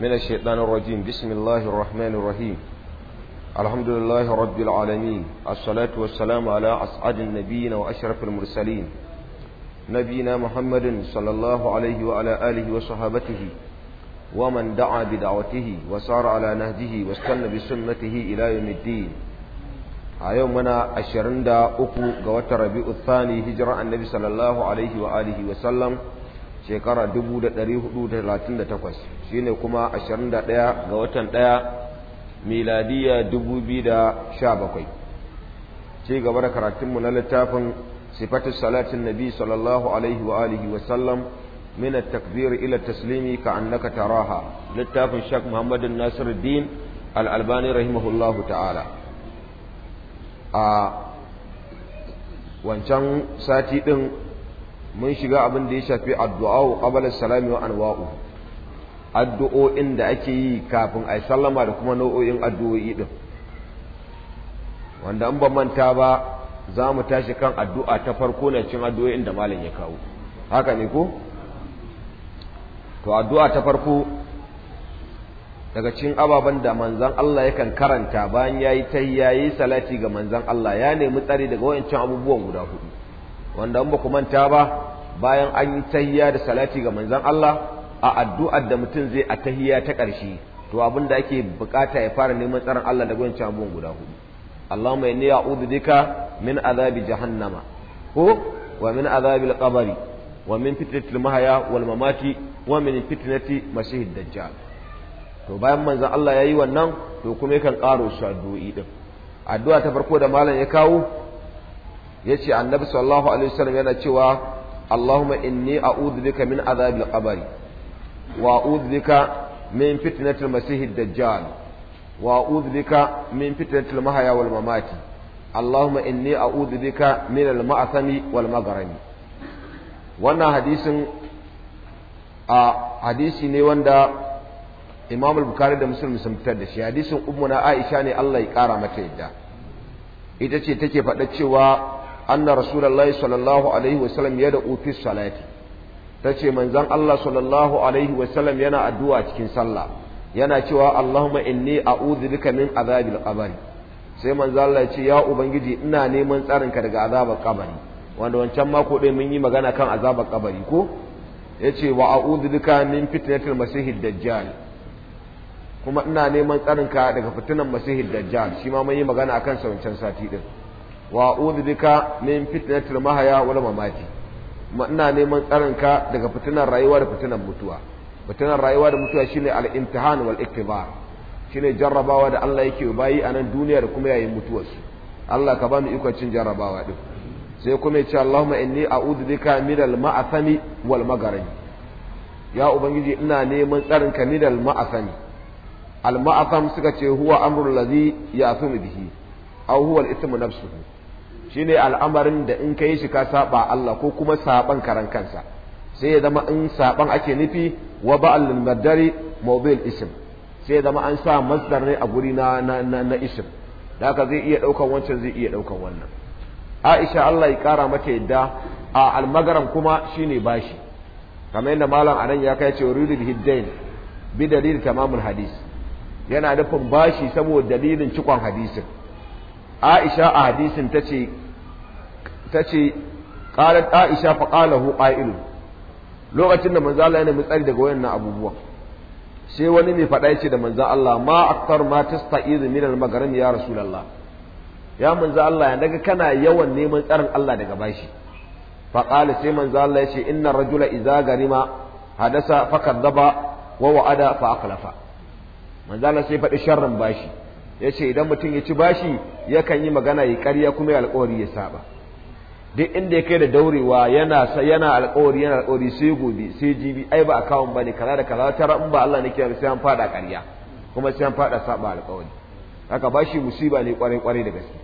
من الشيطان الرجيم بسم الله الرحمن الرحيم الحمد لله رب العالمين الصلاة والسلام على أسعد النبيين وأشرف المرسلين نبينا محمد صلى الله عليه وعلى آله وصحابته ومن دعا بدعوته وسار على نهجه واستنى بسنته إلى يوم الدين a yau muna ashirin da uku ga watan rabi'u thani hijira annabi sallallahu alaihi wa alihi wa sallam shekara 1438 shine kuma 21 ga watan 1 miladiya 2017 ci gaba da karatunmu na littafin sifatu salatin nabi sallallahu alaihi wa alihi wa sallam min at-takbir ila taslimi ka annaka taraha littafin shak muhammadin nasiruddin al-albani rahimahullahu ta'ala a wancan sati din mun shiga abin da ya shafi addu'a qabala salami wa anwa'u addu'o'in da ake yi kafin ai sallama da kuma nau'o'in addu'o'i din wanda an ba manta ba za mu tashi kan addu'a ta farko na cin addu'o'in da malam ya kawo haka ne ko to addu'a ta farko daga cin ababen da manzan Allah yakan karanta bayan yayi tayyayi salati ga manzan Allah ya nemi tsari daga wayancin abubuwan guda hudu wanda mu ba ku manta ba bayan an yi tahiyya da salati ga manzon Allah a addu'ar da mutum zai a tahiya ta ƙarshe to abin da ake bukata ya fara neman tsaron Allah da wancan abubuwan guda hudu Allahumma inni a'udhu bika min azabi jahannama ko wa min azabil qabri wa min fitnatil mahaya wal mamati wa min fitnati masiihid dajjal to bayan manzon Allah yayi wannan to kuma yakan karo su din addu'a ta farko da malam ya kawo yace annabi sallallahu alaihi wasallam yana cewa Allahumma inni a'udhu bika min azabil qabri wa a'udhu bika min fitnatil masihid dajjal wa a'udhu bika min fitnatil mahya wal mamati Allahumma inni a'udhu bika min al ma'thami wal maghrami wannan hadisin a hadisi ne wanda Imam al-Bukhari da Muslim sun fitar da shi hadisin ummuna Aisha ne Allah ya kara mata yadda ita ce take faɗa cewa anna rasulullahi sallallahu alaihi wasallam ya da ofis salati ta ce manzan Allah sallallahu alaihi wasallam yana addu'a cikin sallah yana cewa Allahumma inni a'udhu bika min azabil qabr sai manzan Allah ya ce ya ubangiji ina neman tsarin ka daga azabar kabari wanda wancan mako ɗin mun yi magana kan azabar kabari ko yace wa a'udhu bika min fitnatil masihid dajjal kuma ina neman tsarin ka daga fitinan masihid dajjal shi ma mun yi magana akan sa wancan sati din wa udu bika min fitnatil mahaya wal mamati ina neman tsarinka daga fitinar rayuwa da fitinar mutuwa fitinar rayuwa da mutuwa shine al-imtihan wal iktibar shine jarrabawa da Allah yake bayi a nan duniya da kuma yayin mutuwarsu Allah ka ba ikon cin jarrabawa din sai kuma yace Allahumma inni a'udhu bika min al-ma'athami wal magarani ya ubangiji ina neman tsarinka min al-ma'athami al-ma'atham suka ce huwa amrul ladhi ya'thamu bihi aw huwa al-ithmu nafsuhu shine al'amarin da in ka yi shi ka saba Allah ko kuma saban karan kansa sai ya zama in saban ake nufi wa ba'al madari mawdil ism sai ya zama an sa masdar ne a guri na na ism da haka zai iya daukan wancan zai iya daukan wannan Aisha Allah ya kara mata yadda a almagaran kuma shine bashi kamar yadda malam anan ya kai ce yuridul hiddain bi dalil tamamul hadis yana nufin bashi saboda dalilin cikon hadisin Aisha a hadisin ce. ta ce ƙarar aisha fa qala hu qa'il lokacin da manzo Allah yana nemi tsari daga wayannan abubuwa sai wani mai faɗa ya ce da Manza Allah ma aktar ma tasta'izu min al-magharim ya rasulullah ya manzo Allah ya daga kana yawan neman tsarin Allah daga bashi fa qala sai Manza Allah ya ce inna rajula iza garima hadasa fa kadaba wa wa'ada fa akhlafa manzo Allah sai faɗi sharrin bashi yace idan mutum ya ci bashi yakan yi magana ya ƙarya kuma ya alƙawari ya saba duk inda ya kai da daurewa yana yana alƙawari yana alƙawari sai gobe sai jibi ai ba a ba bane kaza da kaza tara in ba Allah ne kiyar sai an fada ƙarya kuma sai an fada saba alƙawari haka bashi musiba ne kwarai kwarai da gaske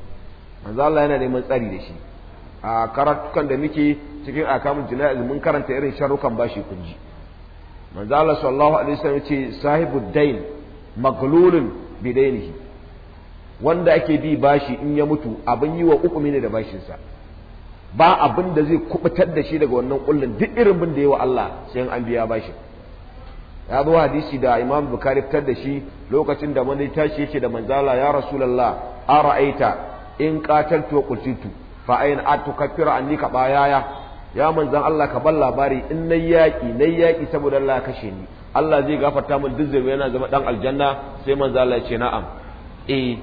manzo Allah yana neman tsari da shi a karatukan da muke cikin akamun jina'iz mun karanta irin sharrukan bashi kunji manzo Allah sallallahu alaihi wasallam ce sahibud dain maglulun bidainihi wanda ake bi bashi in ya mutu abin yi wa uku ne da bashinsa ba abin da zai kubutar da shi daga wannan kullun duk irin bin da yawa Allah sai an biya ba shi. ya zo hadisi da Imam bukari fitar da shi lokacin da wani tashi yake da manzala ya Rasulullah ara'aita in qataltu qutitu fa ayin atukaffiru anni ka bayaya ya manzan Allah ka bar labari in nayi yaki nayi yaki saboda Allah kashe ni Allah zai gafarta min duk zai yana zama dan aljanna sai manzo Allah ya ce na'am eh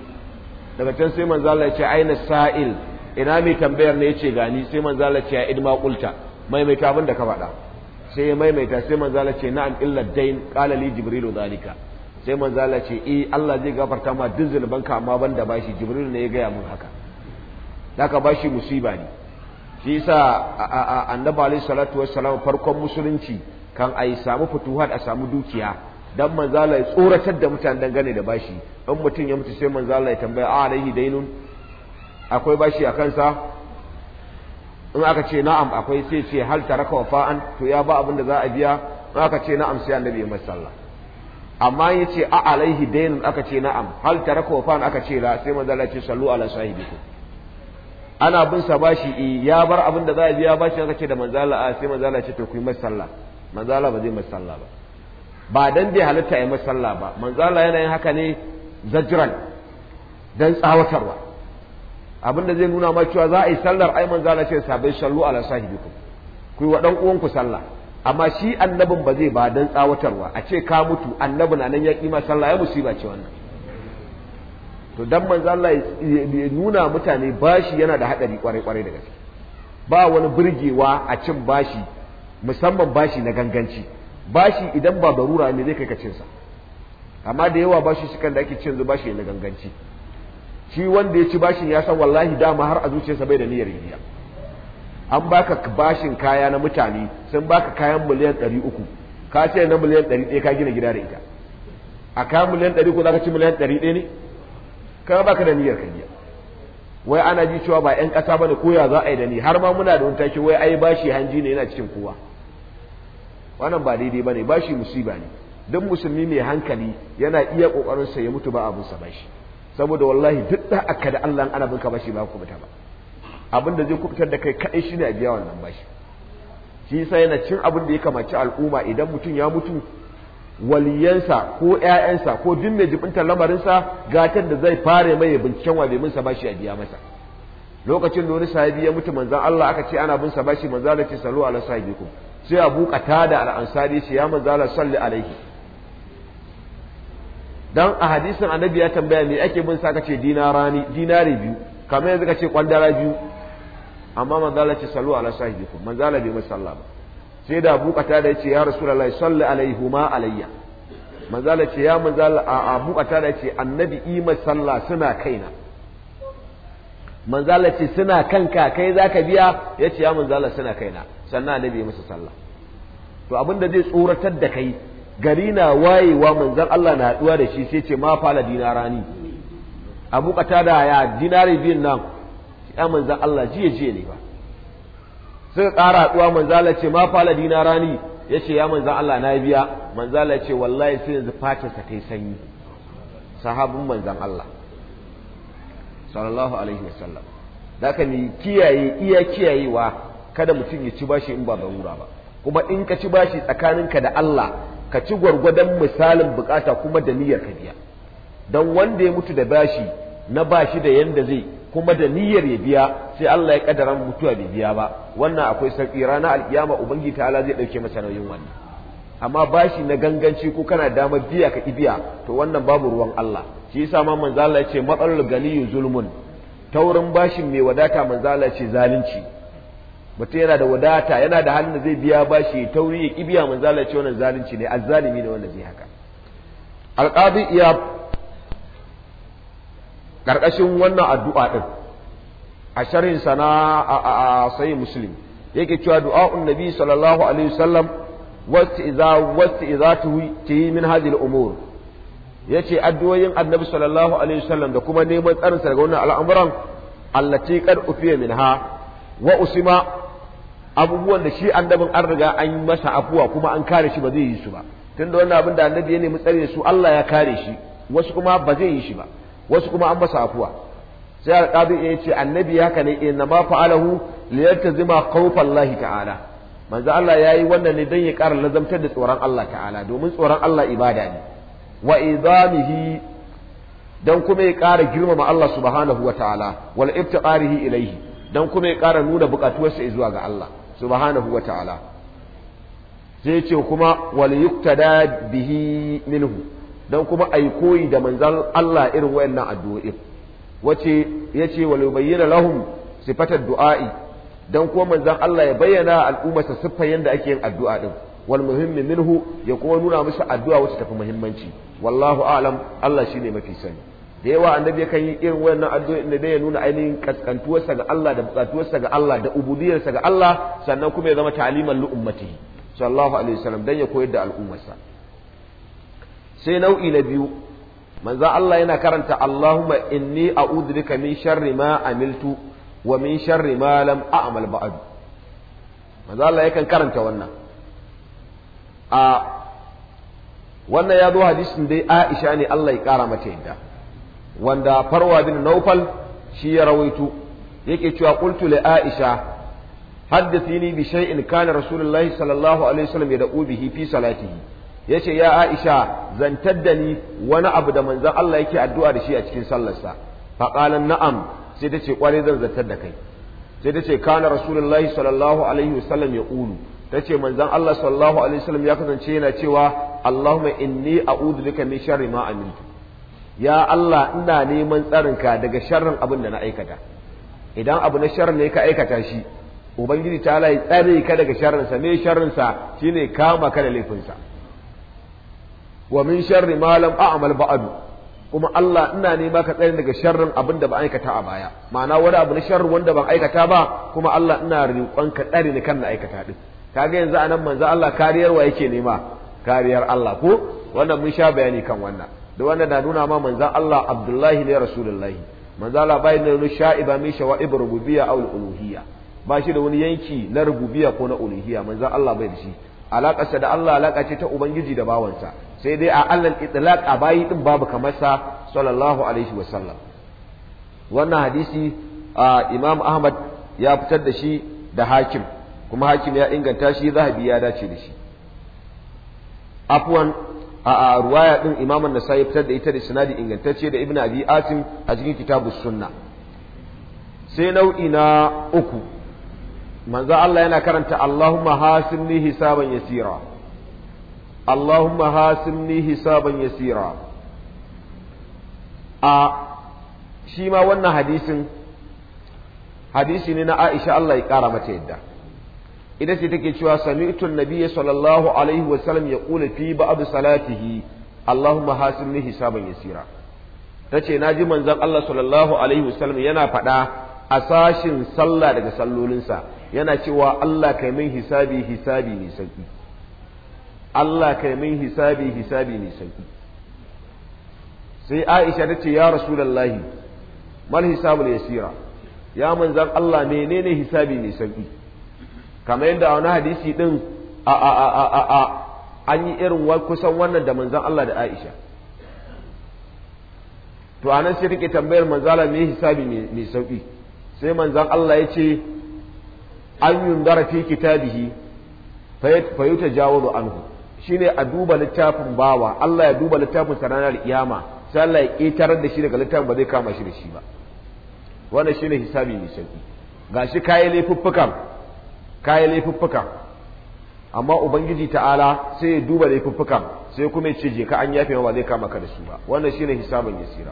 daga can sai manzo Allah ya ce aina sa'il ina mai tambayar ne yace gani sai manzo Allah ce ya idma qulta maimaita abin da ka faɗa sai ya maimaita sai manzo Allah ce na'am illa dain qala li jibril zalika sai manzo Allah ce eh Allah zai gafarta ma duk ka amma banda bashi jibril ne ya gaya mun haka haka bashi musiba ne shi yasa annabi alayhi salatu wassalam farkon musulunci kan ai samu futuhat a samu dukiya dan manzo Allah ya tsoratar da mutane dangane da bashi in mutum ya mutu sai manzo Allah ya tambaya a alaihi dainun akwai bashi a kansa in aka ce na'am akwai sai ce hal taraka wafa'an to ya ba abin da za a biya in aka ce na'am sai annabi ya mai sallah amma ya ce a alaihi dainin aka ce na'am hal taraka wafa'an aka ce la sai manzo Allah ya ce sallu ala sahibikum ana bin sa bashi eh, ya bar abin da za a biya bashi aka ce da manzo Allah sai manzo Allah ya ce to ku yi mai sallah manzo Allah ba zai mai sallah ba ba dan bai halitta ya mai sallah ba manzo Allah yana yin haka ne zajran dan tsawatarwa abin da zai nuna ma cewa za a yi sallar ai manzo Allah ce sabai sallu ala sahibikum ku yi wa dan uwanku sallah amma shi annabin ba zai ba dan tsawatarwa a ce ka mutu annabi na nan ya kima sallah ya musiba ce wannan to dan manzo Allah ya nuna mutane bashi yana da hadari kwarai kwarai da gaske ba wani burgewa a cin bashi musamman bashi na ganganci bashi idan ba barura ne zai kai ka cinsa amma da yawa bashi shi kan da ake cin bashi na ganganci shi wanda ya ci bashin ya san wallahi dama har a zuciyarsa bai da niyyar biya an baka bashin kaya na mutane sun baka kayan miliyan ɗari uku ka ce na miliyan ɗari ka gina gida da ita a kayan miliyan ɗari uku za ka ci miliyan ɗari ɗaya ne ka baka da niyyar ka wai ana ji cewa ba 'yan kasa ba ne ko za a yi da ni har ma muna da wani take wai ai bashi hanji ne yana cikin kowa wannan ba daidai ba ne bashi musiba ne duk musulmi mai hankali yana iya ƙoƙarinsa ya mutu ba abinsa bashi saboda wallahi duk da aka da Allah ana bin bashi ba ku ba abin da zai kubutar da kai kadai shine a biya wannan bashi shi sai yana cin abin da ya kamaci al'umma idan mutum ya mutu waliyansa ko ƴaƴansa ko duk mai jibintar lamarinsa gatar da zai fare mai binciken wa bai sa bashi a biya masa lokacin da wani sahibi ya mutu manzon Allah aka ce ana bin sa bashi manzon Allah ce sallu ala sahibikum sai Abu Qatada al-Ansari ce ya manzon Allah salli alaihi dan a hadisin annabi ya tambaya me ake bin sa kace dinarani dinare biyu kamar yanzu kace kwandara biyu amma manzala ce sallu ala sahibikum manzo Allah bai masalla ba sai da bukata da yace ya rasulullahi salli alaihuma alayya manzo ce ya manzo Allah a bukata da yace annabi yi masalla suna kaina Manzala ce suna kanka kai zaka biya yace ya manzo suna kaina sannan annabi ya masa sallah to abinda zai tsoratar da kai gari na wayewa manzan Allah na haɗuwa da shi sai ce ma fala dinarani abu kata da ya dinari biyun nan ya manzan Allah jiye jiye ne ba suka ƙara haɗuwa manzan Allah ce ma fala dinarani ya ce ya manzan Allah na biya manzan Allah ce wallahi sai yanzu fatarsa ta yi sanyi sahabin manzan Allah sallallahu alaihi wasallam da ka ni kiyaye iya kiyayewa kada mutum ya ci bashi in ba barura ba kuma in ka ci bashi tsakaninka da Allah ka ci gwargwadon misalin bukata kuma da niyyar ka biya don wanda ya mutu da bashi na bashi da yanda zai kuma da niyyar ya biya sai Allah ya kadara mutuwa bai biya ba wannan akwai sarki rana alkiyama ubangiji ta'ala zai dauke masa nauyin wannan amma bashi na ganganci ko kana damar biya ka biya to wannan babu ruwan Allah shi yasa ma manzo Allah ya ce matsalul ganiyyu zulmun taurin bashin mai wadata manzo Allah ya ce zalunci mutum yana da wadata yana da halin da zai biya bashi tauri ya kibiya manzo Allah ce wannan zalunci ne azzalimi ne wanda zai haka alqadi iya karkashin wannan addu'a din a sharhin sana a sai muslim yake cewa du'a nabi sallallahu alaihi wasallam wasti'iza wasti'izatuhu ti min hadhihi al-umur yace addu'o'in annabi sallallahu alaihi wasallam da kuma neman tsarin daga wannan al'amuran allati qad ufiya minha wa usima abubuwan da shi annabin an riga an masa afuwa kuma an kare shi ba zai yi su ba tunda wannan abin da annabi ya nemi tsare su Allah ya kare shi wasu kuma ba zai yi shi ba wasu kuma an masa afuwa sai alqabi ya ce annabi haka ne inna ma fa'alahu liyaltazima khawfallahi ta'ala manzo Allah ya yi wannan ne dan ya ƙara lazamtar da tsoron Allah ta'ala domin tsoron Allah ibada ne wa idamihi dan kuma ya ƙara girmama Allah subhanahu wa ta'ala wal ibtiqarihi ilaihi dan kuma ya ƙara nuna bukatuwarsa zuwa ga Allah subhanahu wa ta'ala sai ce kuma wal yuktada bihi minhu dan kuma ai koyi da manzon Allah irin wayannan addu'o'i wace yace wal yubayyana lahum sifatar du'a'i dan kuma manzon Allah ya bayyana al'ummarsa siffar yanda ake yin addu'a din wal muhimmi minhu ya kuma nuna musu addu'a wacce tafi muhimmanci wallahu a'lam Allah shine mafi sani da yawa annabi kan yi irin wannan addu'o'in da ya nuna ainihin kaskantuwarsa ga Allah da bukatuwarsa ga Allah da ubudiyarsa ga Allah sannan kuma ya zama taliman li ummatihi sallallahu alaihi wasallam dan ya koyar da al'ummarsa sai nau'i na biyu manzo Allah yana karanta Allahumma inni a'udhu bika min sharri ma amiltu wa min sharri ma lam a'mal ba'd manzo Allah yakan karanta wannan a wannan ya zo hadisin dai Aisha ne Allah ya kara mata yadda wanda farwa bin naufal shi ya rawaito yake cewa qultu li aisha haddathini bi shay'in kana rasulullahi sallallahu alaihi wasallam yad'u bihi fi salatihi yace ya aisha zantar da ni wani abu da manzon Allah yake addu'a da shi a cikin sallarsa fa qala na'am sai ce kware zan zantar da kai sai tace kana rasulullahi sallallahu alaihi wasallam yaqulu tace manzon Allah sallallahu alaihi wasallam ya kasance yana cewa Allahumma inni a'udhu bika min sharri ma amintu. ya Allah ina neman tsarinka daga sharrin abin da na aikata idan abu na sharrin ne ka aikata shi ubangiji ta lai tsare ka daga sharrinsa me sharrinsa shine kama ka da laifinsa wa min sharri ma lam a'mal ba'du kuma Allah ina nema ka tsare daga sharrin abin da ba aikata a baya ma'ana wani abu na sharri wanda ban aikata ba kuma Allah ina riƙon ka tsare ni kan na aikata din kaga yanzu anan manzo Allah kariyar wa yake nema kariyar Allah ko wannan mun sha bayani kan wannan da wanda na nuna ma manzan Allah Abdullahi ne Rasulullahi manza Allah bai da wani sha'iba mai shawa'ib rububiyya aw uluhiyya ba shi da wani yanki na rububiyya ko na uluhiyya manzan Allah bai da shi alaƙarsa da Allah alaƙa ce ta ubangiji da bawansa sai dai a Allah itlaq a bayi din babu kamar sa sallallahu alaihi wa sallam wannan hadisi Imam Ahmad ya fitar da shi da Hakim kuma Hakim ya inganta shi Zahabi ya dace da shi afwan a ruwaya ɗin Imaman an-Nasa'i fitar da ita da sanadi ingantacce da Ibn Abi Asim a cikin Kitabus Sunna sai nau'i na uku manzo Allah yana karanta Allahumma hasibni hisaban yasira Allahumma hasibni hisaban yasira a shi ma wannan hadisin hadisi ne na Aisha Allah ya kara mata yadda ita ce take cewa sami'tu nabiyyi sallallahu alaihi wa sallam yaqulu fi ba'd salatihi Allahumma hasibni hisaban yasira tace naji manzon Allah sallallahu alaihi wa sallam yana faɗa a sashin sallah daga sallolinsa yana cewa Allah kai min hisabi hisabi mai sauki Allah kai min hisabi hisabi ne sauki sai Aisha tace ya Rasulullahi mal hisabul yasira ya manzon Allah menene hisabi mai sauki kamar yadda a wani hadisi din a a a a a a an yi irin kusan wannan da manzan Allah da Aisha to anan sai take tambayar manzala me hisabi mai sauki sai manzan Allah ya ce an yundara fi kitabihi fa yutajawazu anhu shine a duba littafin bawa Allah ya duba littafin ranar kiyama sai Allah ya kitar da shi daga littafin ba zai kama shi da shi ba wannan shine hisabi mai sauki gashi kayi laifuffukan kayi laifuffuka amma ubangiji ta'ala sai ya duba laifuffuka sai kuma ya ce je ka an yafe ba zai kama ka da su ba wannan shine hisabin yasira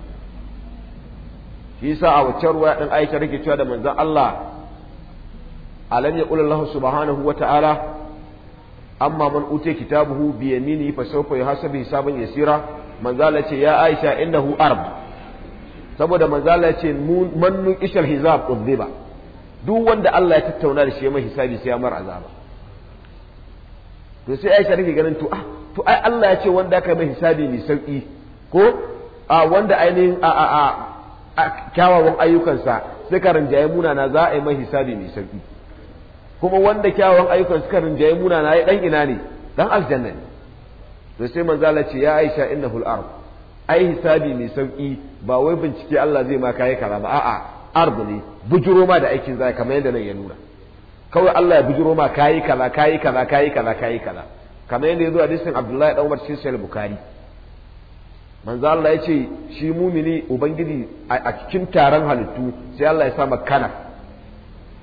shi yasa a wacce ruwa din Aisha rike cewa da manzon Allah alam yaqul Allah subhanahu wa ta'ala amma man ute kitabuhu bi yamini fa sawfa yuhasabu hisaban yasira Allah ce ya Aisha innahu arb saboda manzala ce man nun ishal hisab udhiba duk wanda Allah ya tattauna da shi ya mai hisabi sai ya mar azaba to sai Aisha take ganin to ah to ai Allah ya ce wanda aka mai hisabi mai sauki ko a wanda ainihin a a a kyawawan ayyukansa suka rinjaye munana za a yi mai hisabi mai sauki kuma wanda kyawawan ayyukan suka rinjaye munana ya dan ina ne dan aljanna ne to sai manzala ce ya Aisha innahul ard ai hisabi mai sauki ba wai bincike Allah zai ma kai karama ba a'a ardu ne bujiro ma da aikin zai kamar yadda nan ya nuna kawai Allah ya bujiro ma kayi kaza kayi kaza kayi kaza kayi kaza kamar yadda ya zo hadisin Abdullahi dan Umar cikin Sahih Bukhari manzo Allah ya ce shi mumini ubangiji a cikin taron halittu sai Allah ya sa kana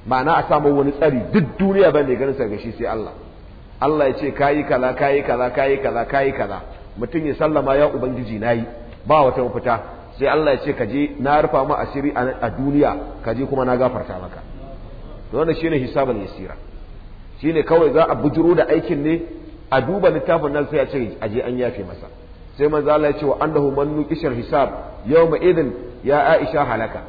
ma'ana a samu wani tsari duk duniya ba mai ganin sargashi sai Allah Allah ya ce kayi kaza kayi kaza kayi kaza kayi kaza mutum ya sallama ya ubangiji nayi ba wata mafita sai Allah ya ce ka je na rufa ma asiri a duniya ka je kuma na gafarta maka to wannan shine hisabul yasira shine kawai za a bujuro da aikin ne a duba littafin nan sai a ce a je an yafe masa sai manzo Allah ya ce wa annahu man nuqishar hisab yawma idin ya Aisha halaka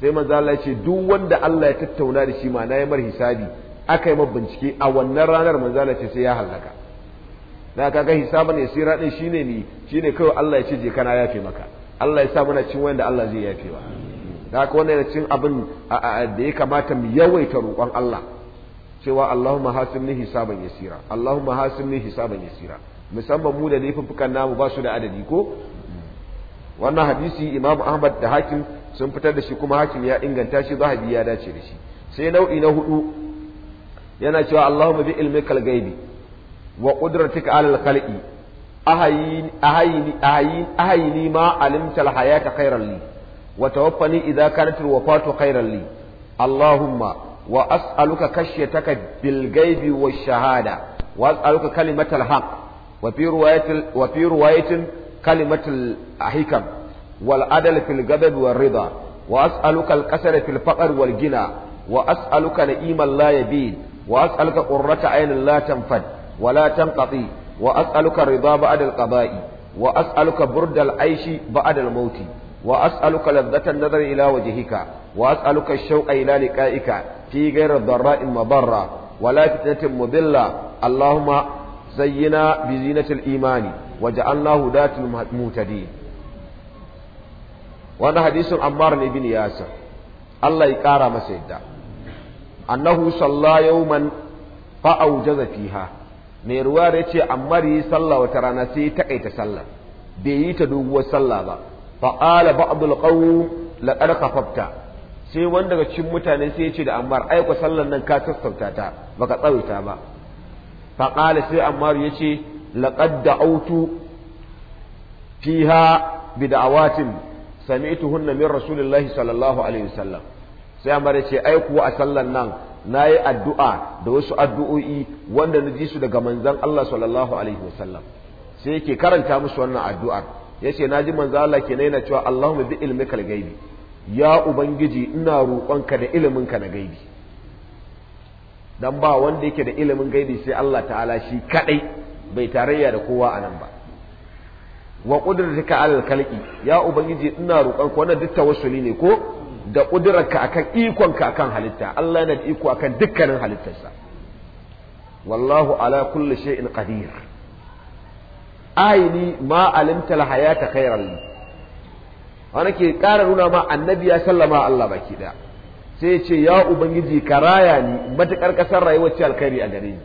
sai manzo Allah ya ce duk wanda Allah ya tattauna da shi ma na yi mar hisabi aka yi bincike a wannan ranar manzo Allah ce sai ya halaka da kaga hisabun yasira din shine ni shine kawai Allah ya ce je kana yafe maka Allah ya sa muna cin wanda Allah zai yafe wa da haka wannan cin abin da ya kamata mu yawaita roƙon Allah cewa Allahumma hasibni hisaban yasira Allahumma hasibni hisaban yasira musamman mu da laifuffukan namu ba su da adadi ko wannan hadisi Imam Ahmad da Hakim sun fitar da shi kuma Hakim ya inganta shi Zahabi ya dace da shi sai nau'i na hudu yana cewa Allahumma bi ilmikal ghaibi wa qudratika alal khalqi ahayini ma alimta hayata khairan li wa tawaffani idza kanat alwafatu khairan li allahumma wa as'aluka kashyataka bil ghaibi wash shahada wa as'aluka kalimatal haqq wa fi riwayatin wa fi riwayatin kalimatul ahkam wal adl fil ghadab war rida wa as'aluka al qasra fil faqr wal gina wa as'aluka na'iman la yabid wa as'aluka qurrata aynin la tanfad wa la tanqati wa as'aluka ridha ba'da al-qada'i wa as'aluka burda al-aishi ba'da al-mauti wa as'aluka ladhata an-nazar ila wajhika wa as'aluka ash-shawqa ila liqa'ika fi ghayri dharra'in madarra wa la fitnatin mudilla allahumma zayyina bi zinatil imani waj'alna hudatul muhtadin wannan hadisin Ammar ibn Yasir Allah ya kara masa yadda annahu salla yawman fa awjaza fiha mai ruwa da yace ammar yi sallah wata rana sai ta ta sallah bai yi ta doguwar sallah ba fa qala ba'dul qawm laqad khafafta sai wanda daga cikin mutane sai ya ce da ammar ai ku nan ka sassauta ta baka tsawaita ba fa qala sai ammar yace laqad da'awtu fiha bid'awatin sami'tuhunna min rasulillahi sallallahu alaihi wasallam sai ammar yace ai kuwa a sallar nan na yi addu'a da wasu addu'o'i wanda na ji su daga manzan Allah sallallahu alaihi wasallam sai yake karanta musu wannan addu'ar ya ce na ji manzan Allah ke na cewa Allahumma bi ilmikal gaibi ya ubangiji ina roƙonka da iliminka na gaibi Don ba wanda yake da ilimin gaibi sai Allah ta'ala shi kaɗai, bai tarayya da kowa a nan ba wa ka alal ya ubangiji ina roƙonka wannan duk tawassuli ne ko da ƙudurarka akan ikonka akan halitta Allah yana da iko akan dukkanin halittarsa wallahu ala kulli shay'in qadir aini ma alimta ta khairan li wani ke ƙara nuna ma annabi ya sallama Allah baki da sai ya ce ya ubangiji ka raya ni matuƙar kasar rayuwar ce alkhairi a gare ni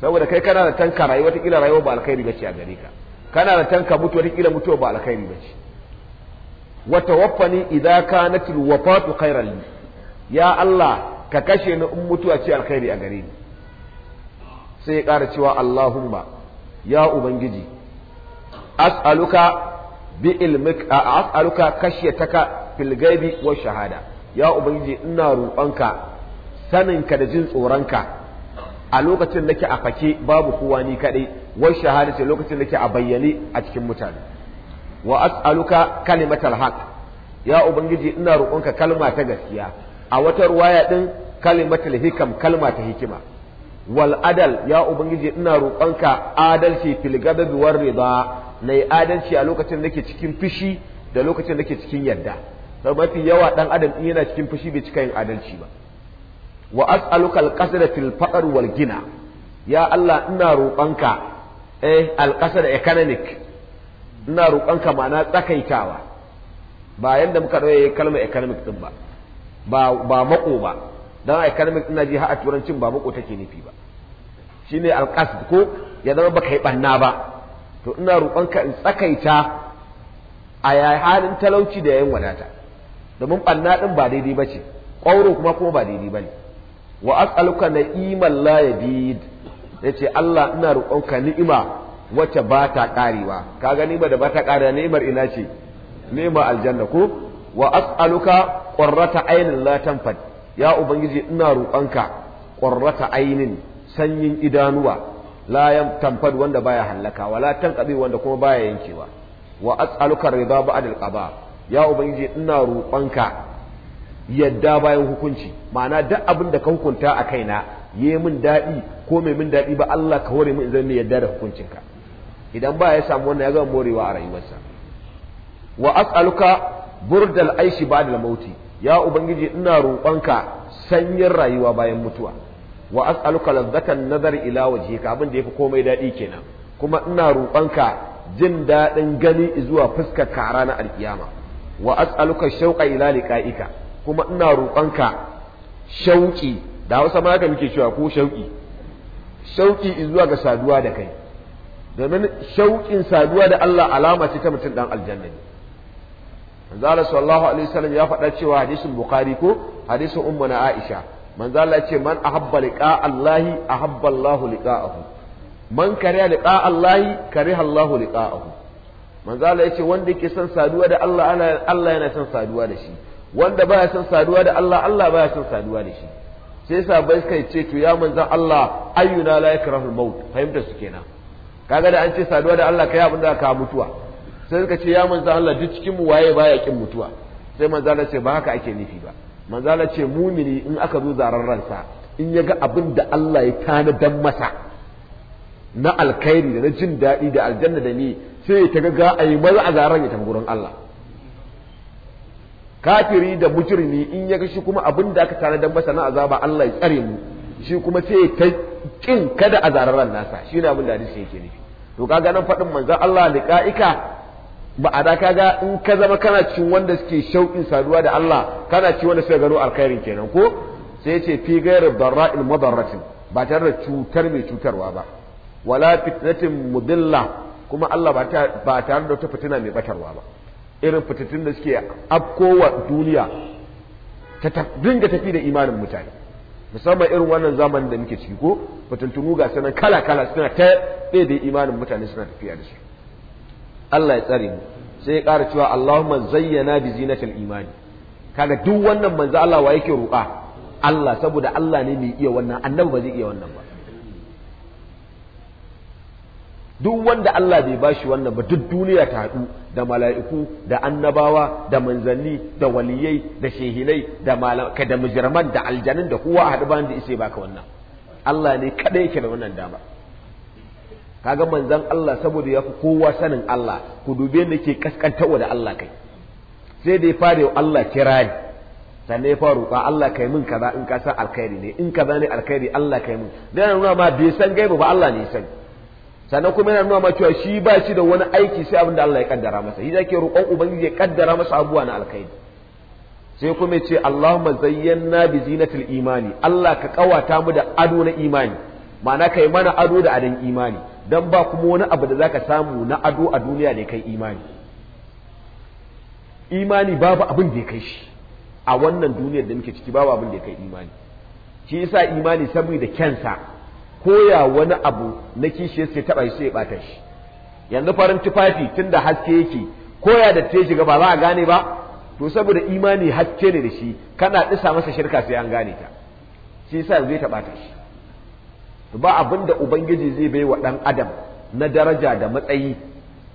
saboda kai kana da tanka rayuwa ta kila rayuwa ba alkhairi bace a gare ka kana da tanka mutuwa ta kila mutuwa ba alkhairi ba wa tawaffani idza kanat alwafatu khairan li ya Allah ka kashe ni in mutuwa ce alkhairi a gare ni sai ya ƙara cewa Allahumma ya ubangiji as'aluka bi ilmik as'aluka kashyataka fil ghaibi wa shahada ya ubangiji ina sanin saninka da jin tsoronka a lokacin nake a fake babu kowa ni kadai wai shahada ce lokacin nake a bayyane a cikin mutane wa as'aluka kalimatal haq ya ubangiji ina roƙonka kalma ta gaskiya a wata ruwaya din kalimatal hikam kalma ta hikima wal adal ya ubangiji ina roƙonka adalci fil gadabi war rida nayi adalci a lokacin nake cikin fishi da lokacin nake cikin yadda sai mafi yawa dan adam in yana cikin fushi bai cika yin adalci ba wa as'alukal qasra fil faqr wal gina ya Allah ina roƙonka eh al economic ina roƙonka ma'ana tsakaitawa ba yadda muka ɗauye kalmar economic ɗin ba ba mako ba don economic ina ji har a turancin ba mako take nufi ba shi ne alƙas ko ya zama baka yi ɓanna ba to ina roƙonka in tsakaita a halin talauci da yayin wadata domin ɓanna ɗin ba daidai ba ce ƙwauro kuma kuma ba daidai ba ne wa as'aluka na yadid ya ce Allah ina roƙonka ni'ima wacce ba ta Ka gani ba da ba ta karewa ni'imar ina ce ma aljanna ko wa as'aluka qurrata aynin la tanfad ya ubangiji ina roƙonka qurrata aynin sanyin idanuwa la tanfad wanda baya hallaka wala tanqabi wanda kuma baya yankewa wa as'aluka rida ba'dal qada ya ubangiji ina roƙonka yadda bayan hukunci ma'ana duk abin da ka hukunta a kaina yi min daɗi ko mai min daɗi ba Allah ka hore min zan yadda da hukuncinka idan ba ya samu wannan ya gama morewa a rayuwarsa wa as'aluka burdal aishi ba'da mauti ya ubangiji ina roƙonka sanyin rayuwa bayan mutuwa wa as'aluka lazzatan nazar ila wajhika abin da yafi komai daɗi kenan kuma ina roƙonka jin daɗin gani zuwa fuskar ka ranar alkiyama wa as'aluka shauqa ila liqa'ika kuma ina roƙonka shauƙi da Hausa ma haka muke cewa ko shauki shauki zuwa ga saduwa da kai domin shauƙin saduwa da Allah alama ce ta mutum ɗan aljanna ne manzala sallallahu alaihi wasallam ya faɗa cewa hadisin bukhari ko hadisin ummu na aisha manzala ya ce man ahabba liqa allahi ahabba allahu liqa'ahu man kariha liqa allahi kariha allahu liqa'ahu manzala ya ce wanda yake son saduwa da Allah Allah yana son saduwa da shi wanda baya son saduwa da Allah Allah baya son saduwa da shi sai sabai suka ce to ya manzan Allah ayyuna la yakrahul maut fahimta su kenan kaga da an ce saduwa da Allah kai abin da ka mutuwa sai suka ce ya manzo Allah duk cikin mu waye baya kin mutuwa sai manzo Allah ce ba haka ake nufi ba manzo Allah ce mumini in aka zo zaran ransa in ya ga abin da Allah ya dan masa na alkhairi da na jin daɗi da aljanna da ni sai ta ga ga ayi maza a zaran ya tafi gurin Allah kafiri da mujrimi in ya ga shi kuma abin da aka dan masa na azaba Allah ya tsare mu shi kuma sai ta kin kada a zaran nasa shi ne abin da hadisi yake nufi to kaga nan faɗin manzon Allah liqa'ika ba a da kaga in ka zama kana cikin wanda suke shauƙin saduwa da Allah kana cikin wanda suka gano alkhairin kenan ko sai ce fi ghairi darra'il mudarratin ba tare da cutar mai cutarwa ba wala fitnatin mudilla kuma Allah ba tare da wata fitina mai batarwa ba irin fitattun da suke afkowa duniya ta dinga tafi da imanin mutane musamman irin wannan zamanin da muke ciki ko fitintunu ga sanan kala kala suna ta ɗaya da imanin mutane suna tafiya da shi. Allah ya tsare mu sai ya ƙara cewa Allahumma zayyana bi zinatil imani kaga duk wannan manzo Allah wa yake roƙa Allah saboda Allah ne mai iya wannan annabi ba zai iya wannan ba duk wanda Allah bai bashi wannan ba duk duniya ta haɗu da mala'iku da annabawa da manzanni da waliyai da shehinai da da mujirman da aljanin da kowa a haɗu bani, da ishe baka wannan Allah ne kaɗai yake da wannan dama kaga manzan Allah saboda ya fi kowa sanin Allah ku dube ne ke kaskantarwa da Allah kai sai dai fare Allah kirari sannan ya fara roƙa Allah kai min kaza in ka san alkhairi ne in kaza ne alkhairi Allah kai min dan nuna ma bai san gaiba ba Allah ne ya sani sannan kuma yana nuna ma cewa shi ba shi da wani aiki sai abin da Allah ya kaddara masa shi zake roƙon ubangiji ya kaddara masa abubuwa na alkhairi sai kuma ya ce Allahumma zayyana bi zinatil imani Allah ka kawata mu da ado na imani ma'ana kai mana ado da adan imani dan ba kuma wani abu da zaka samu na ado a duniya da kai imani imani babu abin da ya kai shi a wannan duniyar da muke ciki babu abin da ya kai imani shi yasa imani saboda kyansa koya wani abu na kishiyar sai taɓa shi sai ɓata shi yanzu farin tufafi da haske yake koya da ta shiga ba za a gane ba to saboda imani haske ne da shi kana ɗisa masa shirka sai an gane ta shi sa zai taɓa ta shi ba abin da ubangiji zai bai wa ɗan adam na daraja da matsayi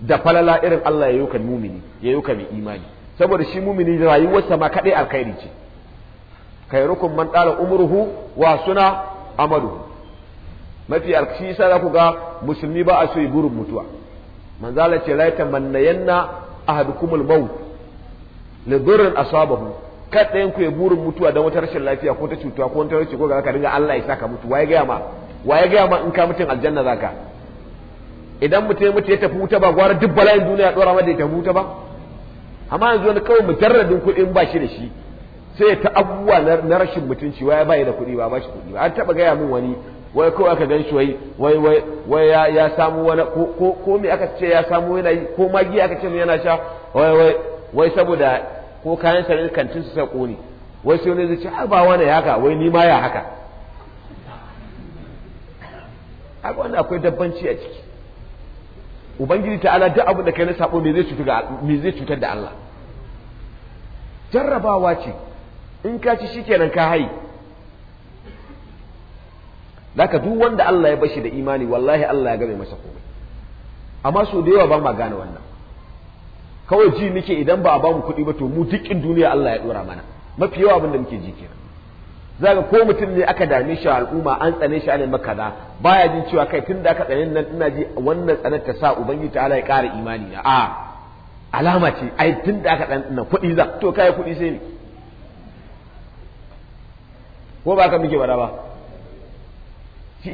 da falala irin Allah ya yuka mumini ya mai imani saboda shi mumini rayuwarsa ma kaɗai alkhairi ce khairukum man dala umruhu wa suna mafi arkashi sai za ku ga musulmi ba a so yi burin mutuwa manzala ce la tamannayanna ahadukumul maut li dhurrin asabahu kad ɗayan ku ya burin mutuwa don wata rashin lafiya ko ta cutuwa ko wata rashin ko ga ka dinga Allah ya saka mutu waye ga ma waye ga ma in ka mutun aljanna zaka idan mutum mutu ya tafi wuta ba gwara duk bala'in duniya dora ma da ya tafi wuta ba amma yanzu wani kawai mujarradin in ba shi da shi sai ta abubuwa na rashin mutunci waye ba da kuɗi ba ba shi kuɗi ba an taɓa gaya min wani wai ko aka gan shi wai wai wai ya ya samu wani ko ko me aka ce ya samu yana yi ko magi aka ce yana sha wai wai wai saboda ko kayan sa ne kantin su sai kone wai sai wani zai ce a ah, ba wani haka wai ni ma ya haka Akwai wanda akwai dabbanci a ciki ubangiji ala duk abin da kai na sabo me zai cutar me zai cutar da Allah jarrabawa ce in ka ci shikenan ka haye Daka duk wanda Allah ya bashi da imani wallahi Allah ya game masa komai. Amma su da yawa ba ma gane wannan. Kawai ji muke idan ba a ba kuɗi ba to mu dukkin duniya Allah ya dora mana. Mafi yawa abin da muke ji kenan. Za ga ko mutum ne aka dame shi a al'umma an tsane shi ana maka da baya jin cewa kai tun da aka tsane nan ina ji wannan tsanar ta sa ubangiji ta Allah ya ƙara imani na. A alama ce ai tun da aka tsane nan kuɗi za to kai kuɗi sai ne. Ko ba ka muke bada ba.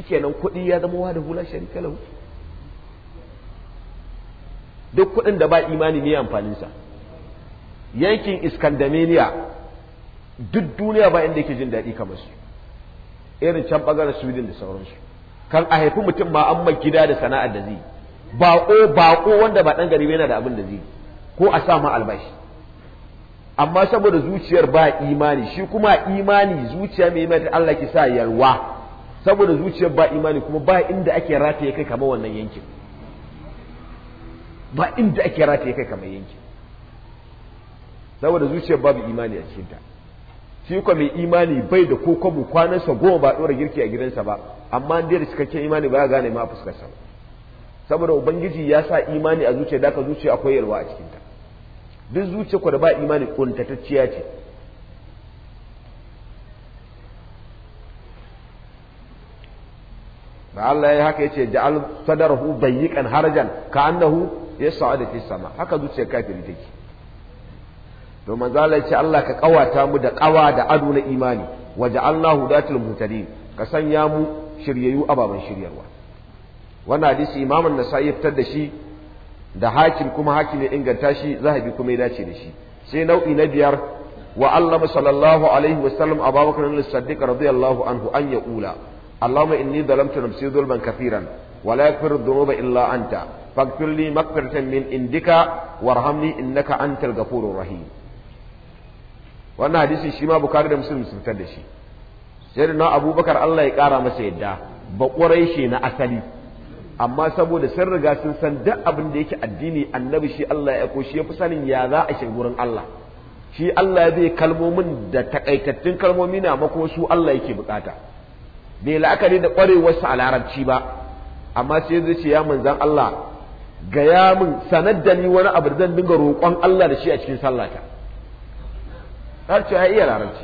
kenan kuɗi ya zama wa da hula sharika lahu duk kuɗin da ba imani ne amfaninsa yankin iskandameniya duk duniya ba inda yake jin daɗi kamar su irin can ɓangaren sweden da sauransu kan a haifi mutum ma an gida da sana'ar da zai baƙo baƙo wanda ba ɗan gari yana da abin da zai ko a sa ma albashi amma saboda zuciyar ba imani shi kuma imani zuciya mai mai Allah ki sa yarwa. saboda zuciyar ba imani kuma ba inda ake rataye kai kama wannan yankin ba inda ake rataye kai kama yankin saboda zuciyar babu imani a cikinta shi kuma mai imani bai da ko kwanan kwanansa goma ba ɗora girki a gidansa ba amma dai da cikakken imani ba ya gane ma a fuskarsa ba saboda ubangiji ya sa imani a zuciya da aka zuciya akwai yalwa a cikinta duk zuciya ku da ba imani kuntatacciya ce da Allah ya haka yace ja'al sadarhu dayyiqan harajan ka annahu yas'adu fi sama haka zuciyar kafiri take to manzo Allah yace Allah ka kawata mu da kawa da ado na imani wa ja'alnahu datul ka sanya mu shiryayyu ababan shiryarwa wannan hadisi Imam an-Nasa'i fitar da shi da hakim kuma hakim ya inganta shi zahabi kuma ya dace da shi sai nau'i na biyar wa allama sallallahu alaihi wasallam abubakar as-siddiq radiyallahu anhu an ya'ula اللهم إني ظلمت نفسي ظلما كثيرا ولا يغفر الذنوب إلا أنت فاغفر لي مغفرة من عندك وارحمني إنك أنت الغفور الرحيم wannan hadisi shi ma bukari da muslim sun fitar da shi sai na abubakar Allah ya kara masa yadda ba ƙwarai shi na asali amma saboda sun riga sun san duk abin da yake addini annabi shi Allah ya aiko shi ya fi sanin ya za a shi gurin Allah shi Allah ya zai kalmomin da takaitattun kalmomi na mako su Allah yake bukata bai la'akari da ƙwarewarsa a larabci ba amma sai zai ce ya manzan Allah gaya min sanar da ni wani abu da zan dinga roƙon Allah da shi a cikin sallata har ce ya iya larabci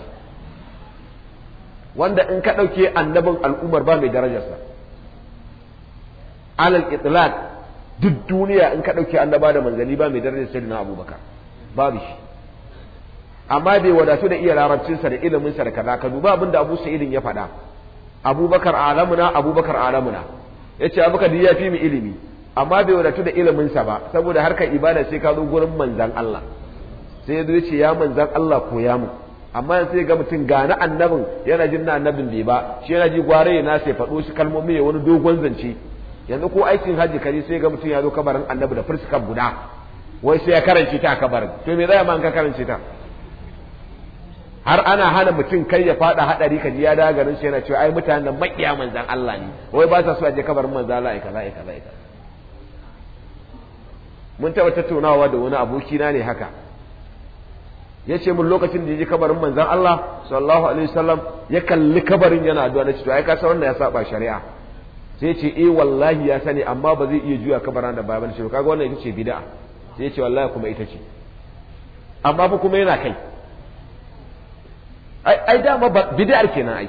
wanda in ka ɗauke annabin al'ummar ba mai darajarsa alal itlaq duk duniya in ka ɗauke annaba da manzali ba mai darajar sayyidina abubakar babu shi amma bai wadatu da iya larabcinsa da iliminsa da kaza ka duba abin da abu sa'idin ya faɗa abubakar alamuna abubakar alamuna ya ce abubakar ya fi mu ilimi amma bai wadatu da iliminsa ba saboda harkar ibada sai ka zo gurin manzan Allah sai ya ce ya manzan Allah koya mu amma sai ga mutum gane annabin yana jin na annabin bai ba shi yana ji gware ya sai fado faɗo shi kalmomi ya wani dogon zance yanzu ko aikin hajji kare sai ga mutum ya zo kabarin annabi da fursukan guda wai sai ya karance ta kabarin to me zai ma an ka karance ta har ana hana mutum kai ya fada hadari ka ji ya dawo garin shi yana cewa ai mutanen da makiya manzan Allah ne wai ba sa so a je kabarin manzan Allah ai kaza ai kaza ai kaza mun taɓa tattaunawa da wani abokina ne haka ya ce mun lokacin da ya je kabarin manzan Allah sallallahu alaihi wasallam ya kalli kabarin yana addu'a na to ai ka san wannan ya saba shari'a sai ce eh wallahi ya sani amma ba zai iya juya kabarin da bayan shi kaga wannan ita ce bid'a sai ce wallahi kuma ita ce amma fa kuma yana kai ai dama bid'ar kenan ai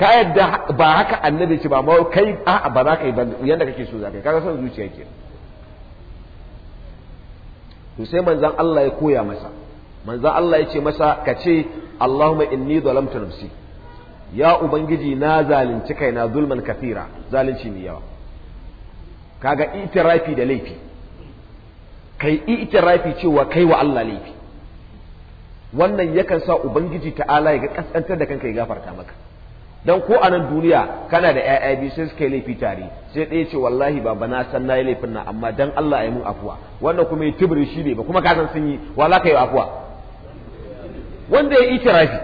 ka yadda ba haka annabi ce ba ma kai a'a ba za ka yi ba yanda kake so za ka yi kaga son zuciya ke to sai manzon Allah ya koya masa manzon Allah ya ce masa ka ce Allahumma inni zalamtu nafsi ya ubangiji na zalunci kaina zulman kafira zalunci mai yawa kaga itirafi da laifi kai itirafi cewa kai wa Allah laifi wannan yakan sa ubangiji ta'ala ya ga kaskantar da kanka ya gafarta maka dan ko a nan duniya kana da ƴaƴa biyu sai suka yi laifi tare sai ɗaya ce wallahi baba na san na yi laifin nan amma dan Allah ya mun afuwa wannan kuma ya tibiri shi ne ba kuma ka san sun yi wala ka yi afuwa wanda ya itirafi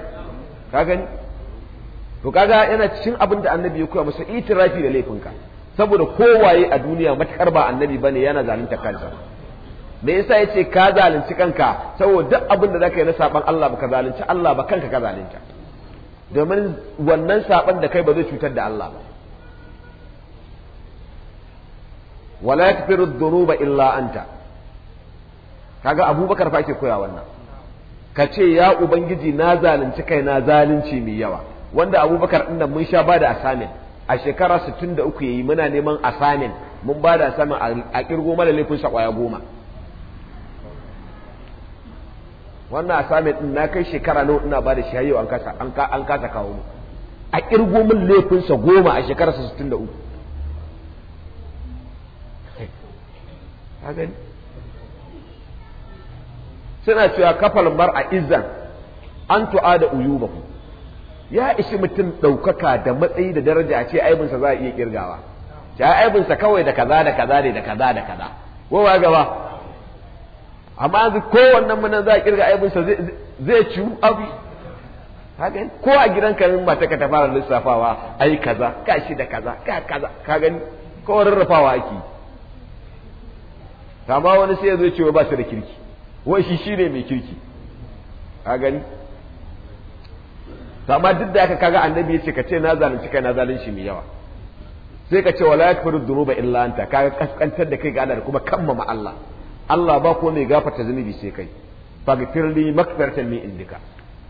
ka gani to kaga yana cikin abin da annabi ya koya masa itirafi da laifinka saboda kowaye a duniya matakar ba annabi bane yana zalunta kansa me yasa yace ka zalunci kanka saboda duk abin da zaka yi na saban Allah ba ka zalunci Allah ba kanka ka zalunta domin wannan saban da kai ba zai cutar da Allah ba wala yakfiru dhunuba illa anta kaga Abubakar fa ke koya wannan ka ce ya ubangiji na zalunci kai na zalunci mai yawa wanda Abubakar din mun sha ba da assignment a shekara 63 yayi muna neman asamin mun ba da assignment a kirgo mana laifin sha kwaya goma wannan assignment din na kai shekara nawa ina ba da shi yau an kasa an an kasa kawo mu a kirgo min laifinsa goma a shekarar 63 da uku suna cewa kafal bar a izan an tu'a da ku ya ishi mutum ɗaukaka da matsayi da daraja a ce aibinsa za a iya kirgawa ta aibinsa kawai da kaza da kaza ne da kaza da kaza wawa gaba amma yanzu kowannen munan za a kirga sa zai ci abu haka ko a gidan karin ba ta ka fara lissafawa ai kaza ka shi da kaza ka kaza ka gani ko rarrafawa ake amma wani sai zai ce cewa ba su da kirki wai shi shine mai kirki ka gani amma duk da haka kaga annabi ya ce ka ce na zalunci kai na zalunci mai yawa sai ka ce wala yakfuru dhunuba illa anta kaga kaskantar da kai ga Allah da kuma kammama Allah Allah ba ko mai gafarta zunubi sai kai faghfirli maghfiratan min indika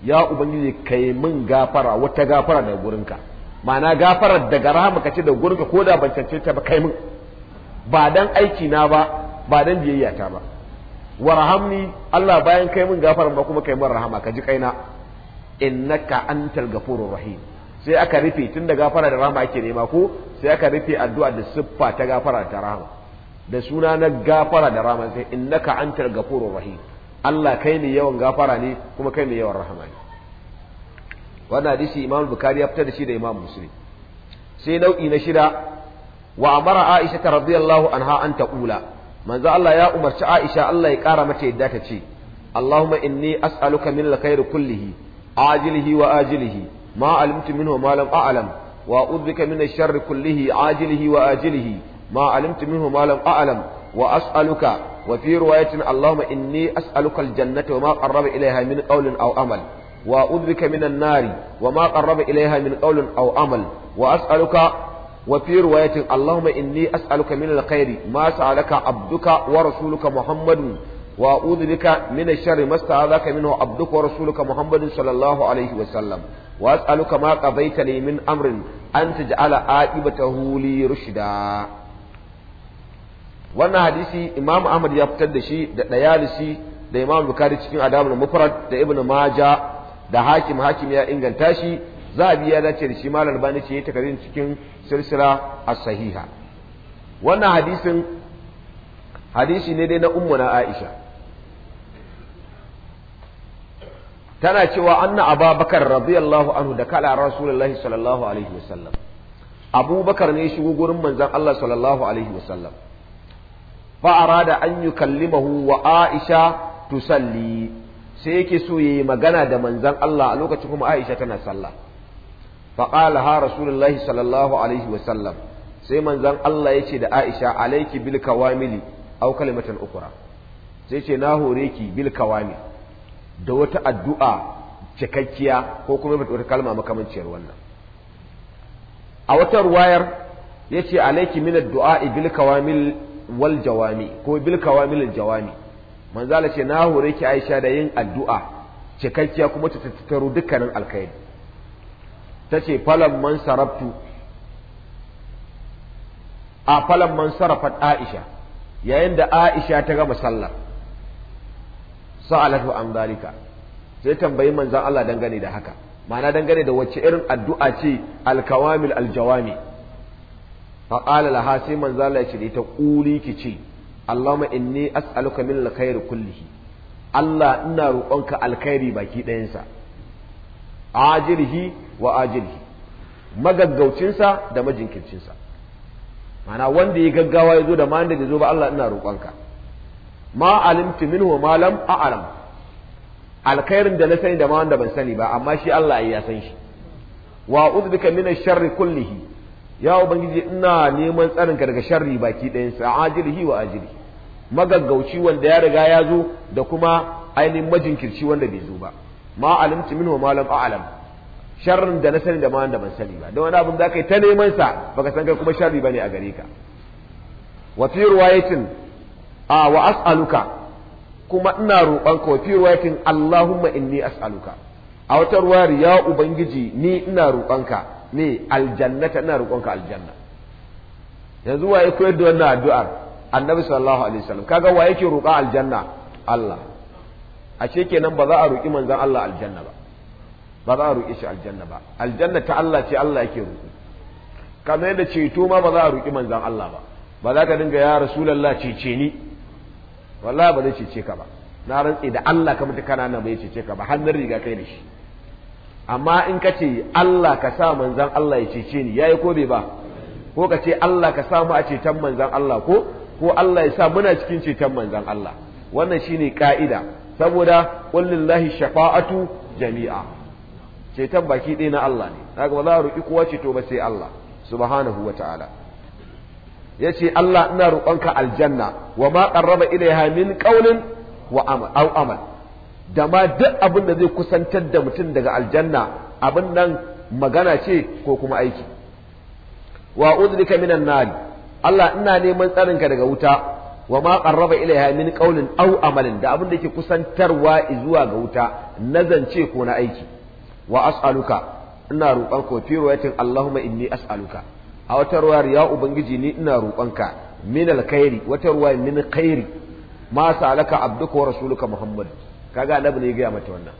ya ubangiji kai min gafara wata gafara daga gurinka ma'ana gafarar daga rahama kace da gurinka ko da ban cance ta ba kai min ba dan aiki na ba ba dan biyayya ta ba warhamni Allah bayan kai min gafara ba kuma kai min rahama ka ji kaina innaka antal ghafurur rahim sai aka rufe tun da gafara da rahama ake nema ko sai aka rufe addu'a da siffa ta gafara ta rahama da suna na gafara da rahama sai innaka antal gafurur rahim Allah kai ne yawan gafara ne kuma kai ne yawan rahama ne wannan hadisi Imam Bukhari ya fitar da shi da Imam Muslim sai nau'i na shida wa amara Aisha radhiyallahu anha an taqula manzo Allah ya umarci Aisha Allah ya kara mata yadda ta ce Allahumma inni as'aluka min alkhairi kullihi ajilihi wa ajilihi ma alimtu minhu ma lam a'lam wa udbika min ash-sharri kullihi ajilihi wa ajilihi ما علمت منه ما لم أعلم وأسألك وفي رواية اللهم إني أسألك الجنة وما قرب إليها من قول أو أمل وأعوذ بك من النار وما قرب إليها من قول أو أمل وأسألك وفي رواية اللهم إني أسألك من الخير ما سألك عبدك ورسولك محمد وأعوذ بك من الشر ما استعاذك منه عبدك ورسولك محمد صلى الله عليه وسلم وأسألك ما قضيت لي من أمر أن تجعل عاقبته لي رشدا wannan hadisi imam ahmad ya fitar da shi da dayalisi da imam bukari cikin adabul mufrad da ibnu maja da hakim hakim ya inganta shi za biya dace da shi malam Bani ce ya takarin cikin silsila as-sahiha wannan hadisin hadisi ne dai na na aisha tana cewa anna ababakar radiyallahu anhu da kala rasulullahi sallallahu alaihi wasallam abubakar ne shigo gurin manzon Allah sallallahu alaihi wasallam fa arada an yukallimahu wa Aisha tu salli sai yake so yi magana da manzan Allah a lokacin kuma Aisha tana sallah fa qala ha rasulullahi sallallahu alaihi wa sallam sai manzan Allah ya ce da Aisha alayki bil kawamili aw kalimatan ukura. sai ce na hore ki bil kawamil da wata addu'a cikakkiya ko kuma wata kalma makamanciyar wannan a wata ruwayar yace alayki min addu'a bil kawamil wal jawami ko bil kawamil jawami Allah ce na hore ki Aisha da yin addu'a cikakkiya kuma ta tattaro dukkanin alkhairi tace falam man sarabtu a falam man sarafat Aisha yayin da Aisha ta gama sallar sa'alatu an dalika sai tambayi manzo Allah dangane da haka ma'ana dangane da wacce irin addu'a ce alkawamil aljawami fa qala laha sai manzo Allah ya ce da ita quli Allahumma inni as'aluka min alkhairi kullihi Allah ina roƙonka alkhairi baki ɗayansa ajilhi wa ajilhi magaggaucinsa da majinkircinsa mana wanda ya gaggawa ya zo da ma da zo ba Allah ina roƙonka ma alimtu minhu ma lam a'lam alkhairin da na sani da ma wanda ban sani ba amma shi Allah ya san shi wa udbika min sharri kullihi ya ubangiji ina neman tsarinka daga sharri baki ɗayan sa ajilihi wa ajilihi magaggauci wanda ya riga ya zo da kuma ainihin majinkirci wanda bai zo ba ma alimtu min wa malam a'lam sharrin da na sani da ma da ban sani ba don wani abin da kai ta neman sa baka san kai kuma sharri bane a gare ka wa fi ruwayatin a wa as'aluka kuma ina roƙon ka wa fi ruwayatin allahumma inni as'aluka a wata ruwayar ya ubangiji ni ina roƙonka aljanna aljannata ina roƙonka aljanna yanzu waye koyar da wannan addu'ar annabi sallallahu alaihi wasallam kaga waye yake roƙa aljanna Allah ashe kenan ba za a roƙi manzon Allah aljanna ba ba za a roƙi shi aljanna ba aljanna ta Allah ce Allah yake roƙo kamar yadda ceto ma ba za a roƙi manzon Allah ba ba za ka dinga ya rasulullah cece ni wallahi ba zai cece ka ba na rantsi da Allah ka mutu kana nan bai cece ka ba har riga kai da shi amma in ka ce Allah ka sa manzan Allah ya cece ni yayi ko bai ba ko ka ce Allah ka sa mu a ceton manzan Allah ko ko Allah ya sa muna cikin ceton manzan Allah wannan shine ka'ida saboda kullillahi shafa'atu jami'a ceton baki ɗaya na Allah ne kaga ba za a roƙi kowa ceto ba sai Allah subhanahu wa ta'ala yace Allah ina roƙonka aljanna wa ma qarraba ilaiha min qawlin wa amal da ma duk abin da zai kusantar da mutum daga aljanna abin nan magana ce ko kuma aiki wa udrika minan nari Allah ina neman tsarinka daga wuta wa ma qarraba ilaiha min qaulin aw amalin da abin da yake kusantarwa zuwa ga wuta na zance ko na aiki wa as'aluka ina roƙon ko fi ruwayatin Allahumma inni as'aluka a wata ruwa ya ubangiji ni ina roƙonka min alkhairi wata ruwa min khairi ma salaka abduka wa rasuluka muhammad kaga annabi ne ya gaya mata wannan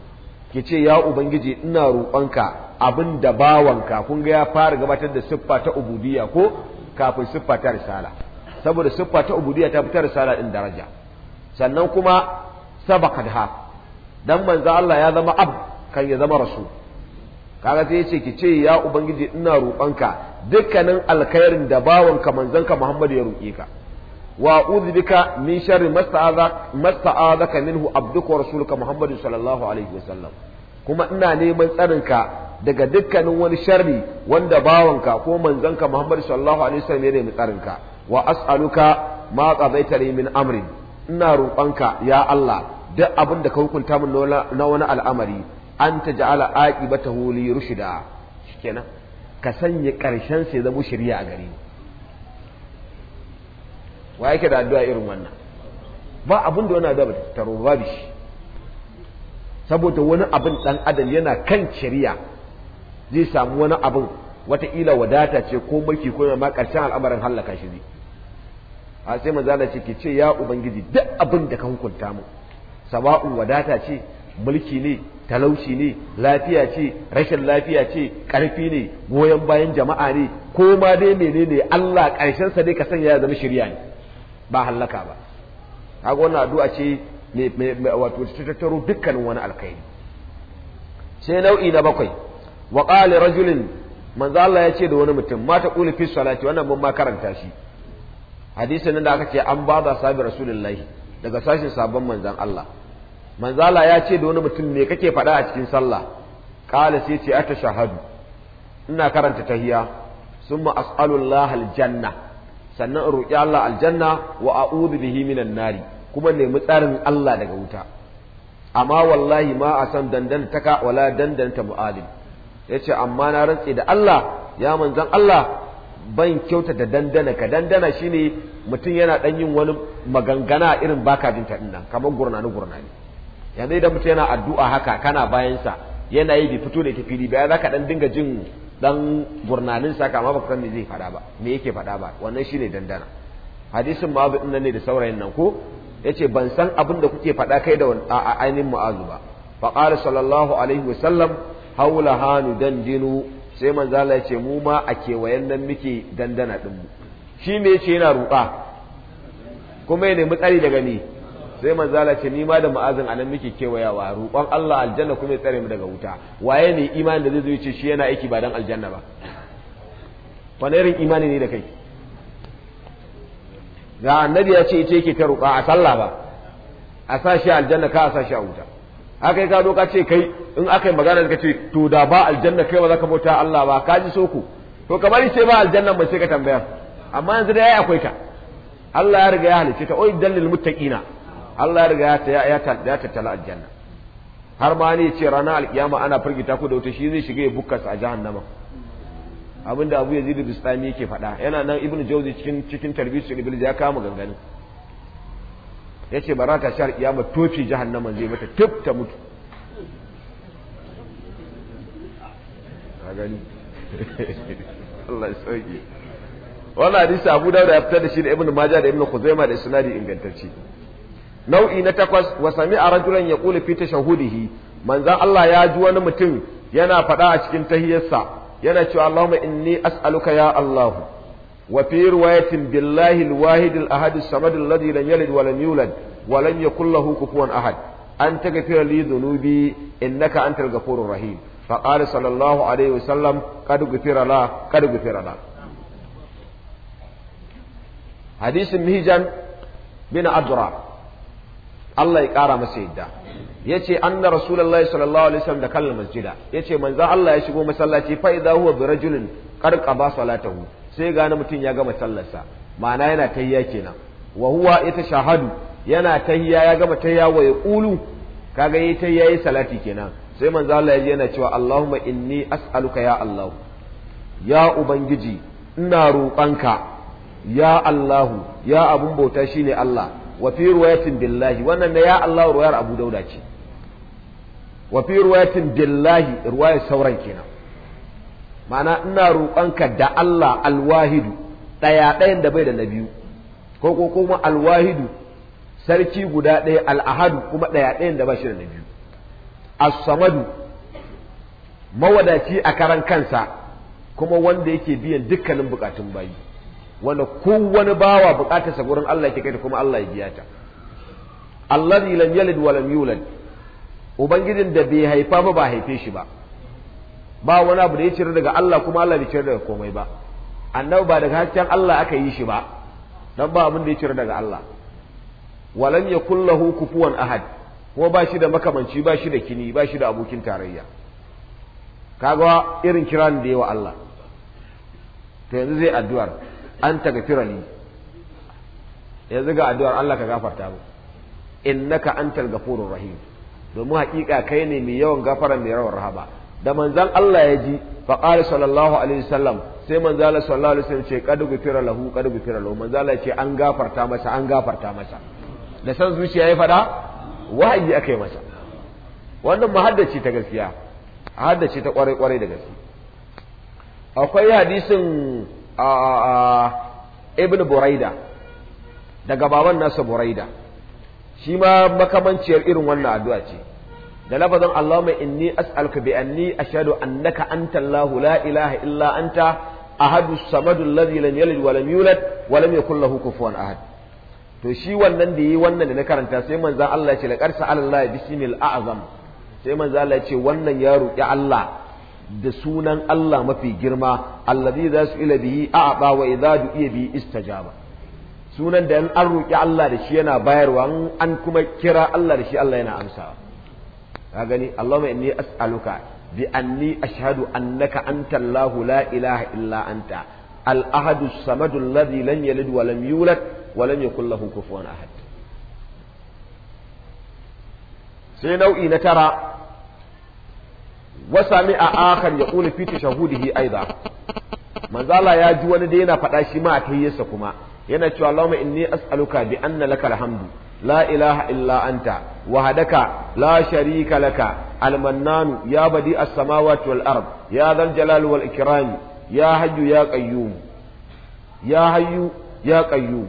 ki ce ya ubangiji ina roƙonka abin da bawanka kun ga ya fara gabatar da siffa ta ubudiyya ko kafin siffa ta risala saboda siffa ta ubudiyya ta fitar risala din daraja sannan kuma sabaqadha dan manzo Allah ya zama ab kan ya zama rasul kaga sai yace ki ce ya ubangiji ina roƙonka dukkanin alkhairin da bawanka manzonka Muhammad ya roƙe ka wa a'udhu bika min sharri masta'adaka minhu abduka wa rasuluka Muhammadu sallallahu kuma ina neman tsarinka daga dukkanin wani sharri wanda bawanka ko manzanka Muhammadu sallallahu alaihi wasallam ya nemi tsarinka wa as'aluka ma qadaita li min amrin ina roƙonka ya Allah duk abin da ka hukunta min na wani al'amari an taj'ala aqibatahu li rushida shikenan ka sanya ƙarshen sai zama shari'a a gare ni wa yake da addu'a irin wannan ba abin da wani addu'a ba ta shi saboda wani abin dan adam yana kan shari'a zai samu wani abin wataƙila wadata ce ko mulki ko ma karshen al'amarin hallaka shi zai a sai manzala ce ke ce ya ubangiji duk abin da ka hukunta mu sabau wadata ce mulki ne talauci ne lafiya ce rashin lafiya ce karfi ne goyon bayan jama'a ne ko ma dai menene Allah ƙarshen sa dai ka sanya ya zama shirya ne ba hallaka ba kaga wannan addu'a ce wato ta tattaro dukkanin wani alkhairi sai nau'i na bakwai wa qala rajulin manzo Allah ya ce da wani mutum mata qulu fi salati wannan mun ma karanta shi hadisin nan da aka ce an bada sabi rasulullahi daga sashin sabon manzon Allah manzo Allah ya ce da wani mutum me kake faɗa a cikin sallah qala sai ce atashahadu ina karanta tahiyya summa as'alullah aljanna sannan in roƙi Allah aljanna wa a'udhu bihi minan nari kuma nemi tsarin Allah daga wuta amma wallahi ma a san dandantaka wala dandanta mu'alim yace amma na rantse da Allah ya manzan Allah ban kyauta da dandana ka dandana shine mutum yana dan yin wani magangana irin baka jinta din nan kamar gurnani gurnani yanzu idan mutum yana addu'a haka kana bayansa yana yi bi fito da ke fili bayan ka dan dinga jin dan gurnanin sa kama baka san me zai fada ba me yake faɗa ba wannan shine dandana hadisin ma din nan ne da saurayin nan ko yace ban san abin da kuke faɗa kai da a ainihin mu'azu ba fa qala sallallahu alaihi wasallam haula hanu dandinu sai manzo Allah yace mu ma a kewayen nan muke dandana din mu shi me yace yana ruka kuma ya nemi tsari daga ni sai manzala ce ni ma da ma'azin anan muke kewayawa roƙon Allah aljanna kuma ya tsare mu daga wuta waye ne imanin da zai zo ce shi yana aiki ba dan aljanna ba wani irin imani ne da kai ga annabi ya ce ita yake ta roƙa a sallah ba a sa shi aljanna ka a sa shi a wuta haka yi ka zo ka ce kai in aka yi magana da ce to da ba aljanna kai ba za ka bauta Allah ba ka ji soko to kamar ce ba aljanna ba sai ka tambaya amma yanzu da yayi akwai ta Allah ya riga ya halice ta oi dalil muttaqina Allah ya riga ya tattala aljanna har ma ne ce ranar alkiyama ana firgita ku da wuta shi zai shiga ya bukka a jahannama abin da Abu Yazid Bistami yake faɗa yana nan Ibn Jauzi cikin cikin tarbiyyar Iblis ya kama ganganin yace baraka shi alkiyama tofi jahannama zai mata tuf ta mutu a gani Allah ya sauke wannan hadisi Abu Dawud ya fitar da shi da Ibn Majah da Ibn Khuzaimah da sunadi ingantacce nau'i na takwas wa sami'a rajulan yaqulu fi tashahudihi manzon Allah ya ji wani mutum yana faɗa a cikin tahiyarsa, yana cewa Allahumma inni as'aluka ya Allah wa fi riwayatin billahi al-wahid ahad samad alladhi lam yalid wa lam yulad wa lam yakul lahu kufuwan ahad an taghfir li dhunubi innaka antal ghafurur rahim فقال sallallahu alaihi wa sallam قد غفر له قد غفر له حديث مهجن بن عبد Allah ya ƙara masa yadda ya ce an na rasulallah sallallahu alaihi wasallam da kallon masjida ya ce manza Allah ya shigo masallaci faiza idza huwa bi rajulin ba salatahu sai gane mutum ya gama sallarsa ma'ana yana tahiyya kenan wa huwa shahadu yana tahiyya ya gama tahiyya wa yaqulu kaga yayi tahiyya yayi salati kenan sai manzo Allah ya ji yana cewa Allahumma inni as'aluka ya Allah ya ubangiji ina roƙonka ya Allahu ya abun bauta shine Allah wa fi ruwayatin billahi wannan na ya Allah ruwayar Abu Dauda ce wa fi ruwayatin billahi ruwayar sauran kenan ma'ana ina roƙonka da Allah alwahidu ɗaya ɗayan da bai da na biyu ko ko kuma alwahidu sarki guda ɗaya al'ahadu kuma ɗaya ɗayan da ba shi da na biyu as-samadu mawadaci a karan kansa kuma wanda yake biyan dukkanin bukatun bayi wanda kowane bawa bukatarsa gurin Allah yake kai da kuma Allah ya biya ta allazi lam yalid wa lam yulad ubangijin da bai haifa ba ba haife shi ba ba wani abu da ya cire daga Allah kuma Allah bai cire daga komai ba annabi ba daga hasken Allah aka yi shi ba dan ba abin da ya cire daga Allah walam yakul lahu kufuwan ahad kuma ba shi da makamanci ba shi da kini ba shi da abokin tarayya kaga irin kiran da yawa Allah to yanzu zai addu'ar an tagfira li yanzu ga addu'ar Allah ka gafarta mu innaka antal ghafurur rahim domin haƙiƙa kai ne mai yawan gafara mai rawar rahaba da manzon Allah ya ji fa qala sallallahu alaihi wasallam sai manzan Allah sallallahu alaihi wasallam ce qad gufira lahu qad gufira lahu manzan Allah ce an gafarta masa an gafarta masa da san zuciya ya fada wahayi aka yi masa wannan muhaddaci ta gaskiya haddace ta kwarai kwarai da gaske akwai hadisin ibn buraida daga baban nasa buraida shi ma makamanciyar irin wannan addu'a ce da lafazin Allahumma inni as'aluka bi anni ashhadu annaka anta Allah la ilaha illa anta ahadu samadu alladhi lam yalid wa lam yulad wa lam yakul lahu kufuwan ahad to shi wannan da yi wannan da na karanta sai manzon Allah ya ce laqad sa'ala Allah bismil a'zam sai manzon Allah ya ce wannan ya roki Allah da sunan Allah mafi girma allazi za su ila bihi a'ba wa idza du'iya bihi istajaba sunan da an roki Allah da shi yana bayarwa an kuma kira Allah da shi Allah yana amsawa ka gani Allahumma inni as'aluka bi anni ashhadu annaka anta Allah la ilaha illa anta al-ahad as-samad alladhi lam yalid wa lam yulad wa lam yakul lahu kufuwan ahad sai nau'i na tara wa sami'a akhar yaqulu fi tashahudihi aida manzala ya ji wani da yana faɗa shi ma a tayyarsa kuma yana cewa Allahumma inni as'aluka bi anna lakal hamdu la ilaha illa anta wahadaka la sharika laka almannanu ya badi as-samawati wal ard ya dhal jalal wal ikram ya hayyu ya qayyum ya hayyu ya qayyum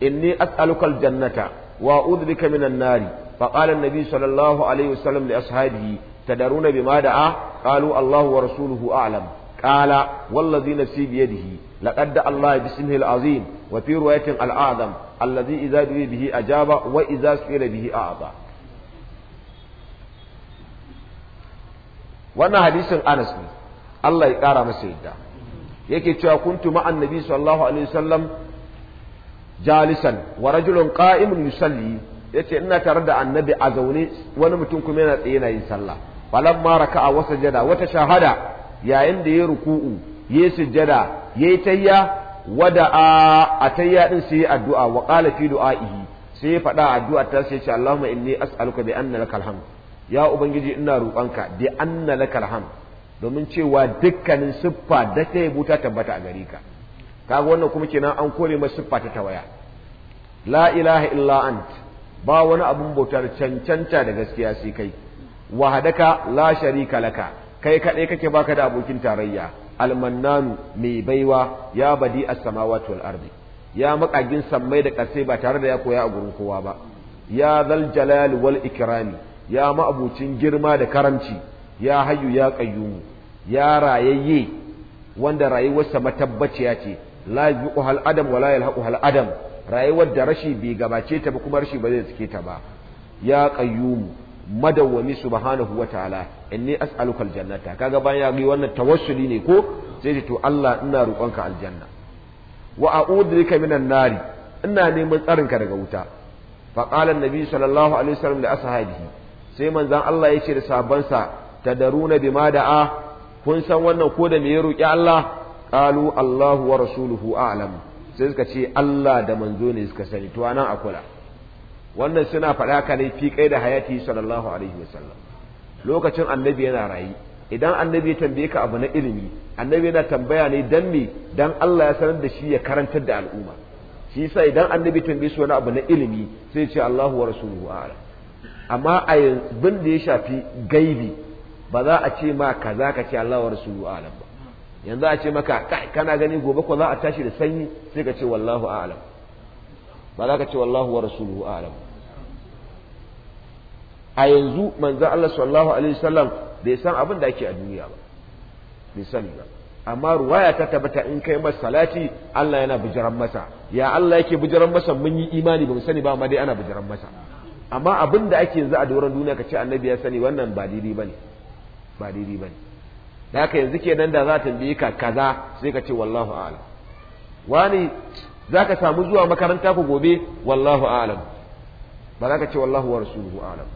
inni as'aluka al jannata wa udhrika minan nari فقال النبي صلى الله عليه وسلم لأصحابه tadaruna bima da'a qalu Allahu wa rasuluhu a'lam qala wallazi nafsi bi yadihi laqad da Allah bismihi al-azim wa fi riwayatin al-a'zam allazi idza du'i bihi ajaba wa idza su'ila bihi a'za wannan hadisin Anas ne Allah ya kara masa yadda yake cewa kuntu ma'an nabi sallallahu alaihi wasallam jalisan wa rajulun qa'imun yusalli yace ina tare da annabi a zaune wani mutum kuma yana tsaye yana yin sallah falamma raka'a wa sajada wata shahada yayin da ya ruku'u ya sujjada yayi tayya wada'a a tayya din sai addu'a wa qala fi du'a'ihi sai ya faɗa addu'a ta sai ce Allahumma inni as'aluka bi anna lakal hamd ya ubangiji ina roƙonka bi anna lakal hamd domin cewa dukkanin siffa da ta yi ta tabbata a gare ka kaga wannan kuma kenan an kore mai siffa ta tawaya la ilaha illa ant ba wani abun bautar cancanta da gaskiya sai kai wahadaka la sharika laka kai kadai kake baka da abokin tarayya almannanu mai baiwa ya badi as-samawati wal ardi ya makagin sammai da kase ba tare da ya koya a gurin kowa ba ya zal jalal wal ikrami ya ma'abucin girma da karamci ya hayyu ya qayyumu ya rayayye wanda rayuwarsa matabbaciya ce la yuqu hal adam wa yalhaqu hal adam rayuwar da rashi bai gabace ta ba kuma rashi ba zai tsike ta ba ya mu. madawwami subhanahu wa ta'ala inni as'aluka aljannata kaga bayan ya yi wannan tawassuli ne ko sai ce to Allah ina roƙonka aljanna wa a'udhu bika minan nari ina neman tsarin ka daga wuta fa qala annabi sallallahu alaihi wasallam li ashabihi sai manzon Allah ya ce da sabansa tadaruna bima da'a kun san wannan ko da me ya roƙi Allah qalu Allahu wa rasuluhu a'lam sai suka ce Allah da manzo ne suka sani to anan akula wannan suna faɗa ka ne fi kai da hayati sallallahu alaihi wasallam lokacin annabi yana rayi idan annabi ya tambaye ka abu na ilimi annabi yana tambaya ne dan me dan Allah ya sanar da shi ya karantar da al'umma shi yasa idan annabi tambaye su wani abu na ilimi sai ya ce Allahu wa rasuluhu a'ala amma a bin da ya shafi gaibi ba za a ce ma kaza ka ce Allahu wa rasuluhu a'ala ba yanzu a ce maka kana gani gobe ko za a tashi da sanyi sai ka ce wallahu a'lam ba za ka ce wallahu wa rasuluhu a'lam a yanzu manzon Allah sallallahu alaihi wasallam bai san abin da ake a duniya ba bai sani ba amma ruwaya ta tabbata in kai masa salati Allah yana bijiran masa ya Allah yake bijiran masa mun yi imani ba mu sani ba amma dai ana bijiran masa amma abin da ake yanzu a doron duniya ka ce annabi ya sani wannan ba daidai bane ba daidai bane da haka yanzu kenan da za ta tambaye ka kaza sai ka ce wallahu a'lam wani za ka samu zuwa makaranta ku gobe wallahu a'lam ba za ka ce wallahu wa rasuluhu a'lam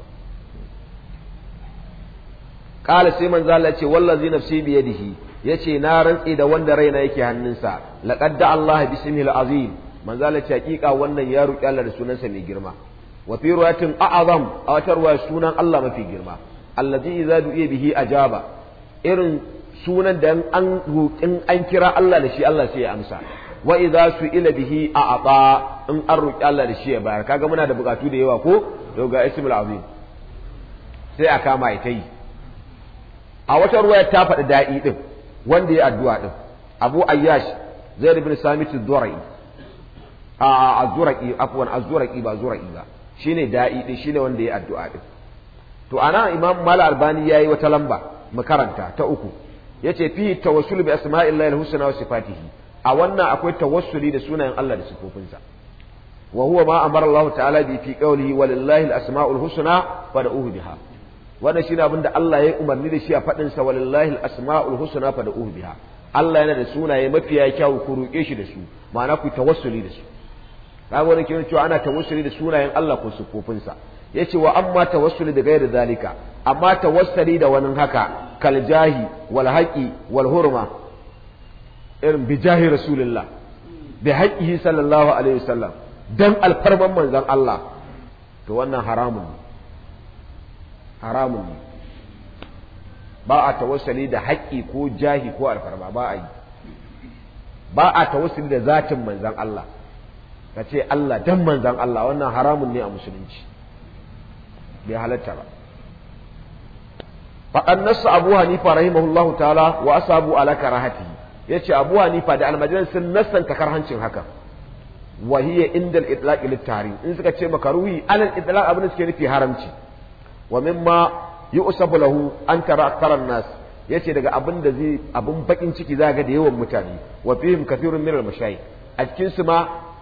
qala sai manzo Allah ce wallazi nafsi bi yadihi yace na rantsi da wanda raina yake hannunsa laqad da Allah bismihil azim manzo Allah ce hakika wannan ya roki Allah da sunansa mai girma wa fi ruwatin a'azam a wata ruwa sunan Allah mafi girma allazi idza du'iya bihi ajaba irin sunan da an roƙin an kira Allah da shi Allah sai ya amsa wa idza su'ila bihi a'ata in an roki Allah da shi ya bayar kaga muna da bukatu da yawa ko to ga ismul azim sai a kama ita yi a wata ruwaya ta faɗi da'i din wanda ya addu'a din Abu Ayyash Zaid ibn Samit ad zurai a az-Zura'i afwan az-Zura'i ba Zura'i ba shine da'i din shine wanda ya addu'a din to ana Imam mal Albani yayi wata lamba makaranta ta uku yace fi tawassul bi asma'illahi al-husna wa sifatihi a wannan akwai tawassuli da sunayen Allah da sifofinsa wa huwa ma amara Allah ta'ala bi fi qawlihi walillahi al-asma'ul husna fad'uhu biha wannan shine abin da Allah ya umarni da shi a fadin sa walillahi al-asma'ul husna fad'uhu biha Allah yana da sunaye mafiya kyawu ku roƙe shi da su ma'ana ku tawassuli da su kaga wannan kenan cewa ana tawassuli da sunayen Allah ko sifofinsa ce wa amma tawassuli da gairi zalika amma tawassuli da wani haka kaljahi wal walhurma. irin bijahi rasulillah bi haqqihi sallallahu alaihi wasallam dan alfarman manzon Allah to wannan haramun ne haramun ne ba a tawassali da haƙƙi ko jahi ko alfarma ba a yi ba a tawassali da zatin manzan Allah ka ce Allah dan manzan Allah wannan haramun ne a musulunci bai halatta ba faɗan nasu abu hanifa rahimahullahu ta'ala wa asabu ala karahati yace Abu Hanifa da almajiran sun nassanta hancin haka wa inda al-itlaq in suka ce makaruhi alal itlaq abin suke nufi haramci wa mimma yu'sabu lahu an tara akthara an-nas yace daga abin da zai abin bakin ciki za ga da yawan mutane wa fihim kathirun min mashayi. a cikin su ma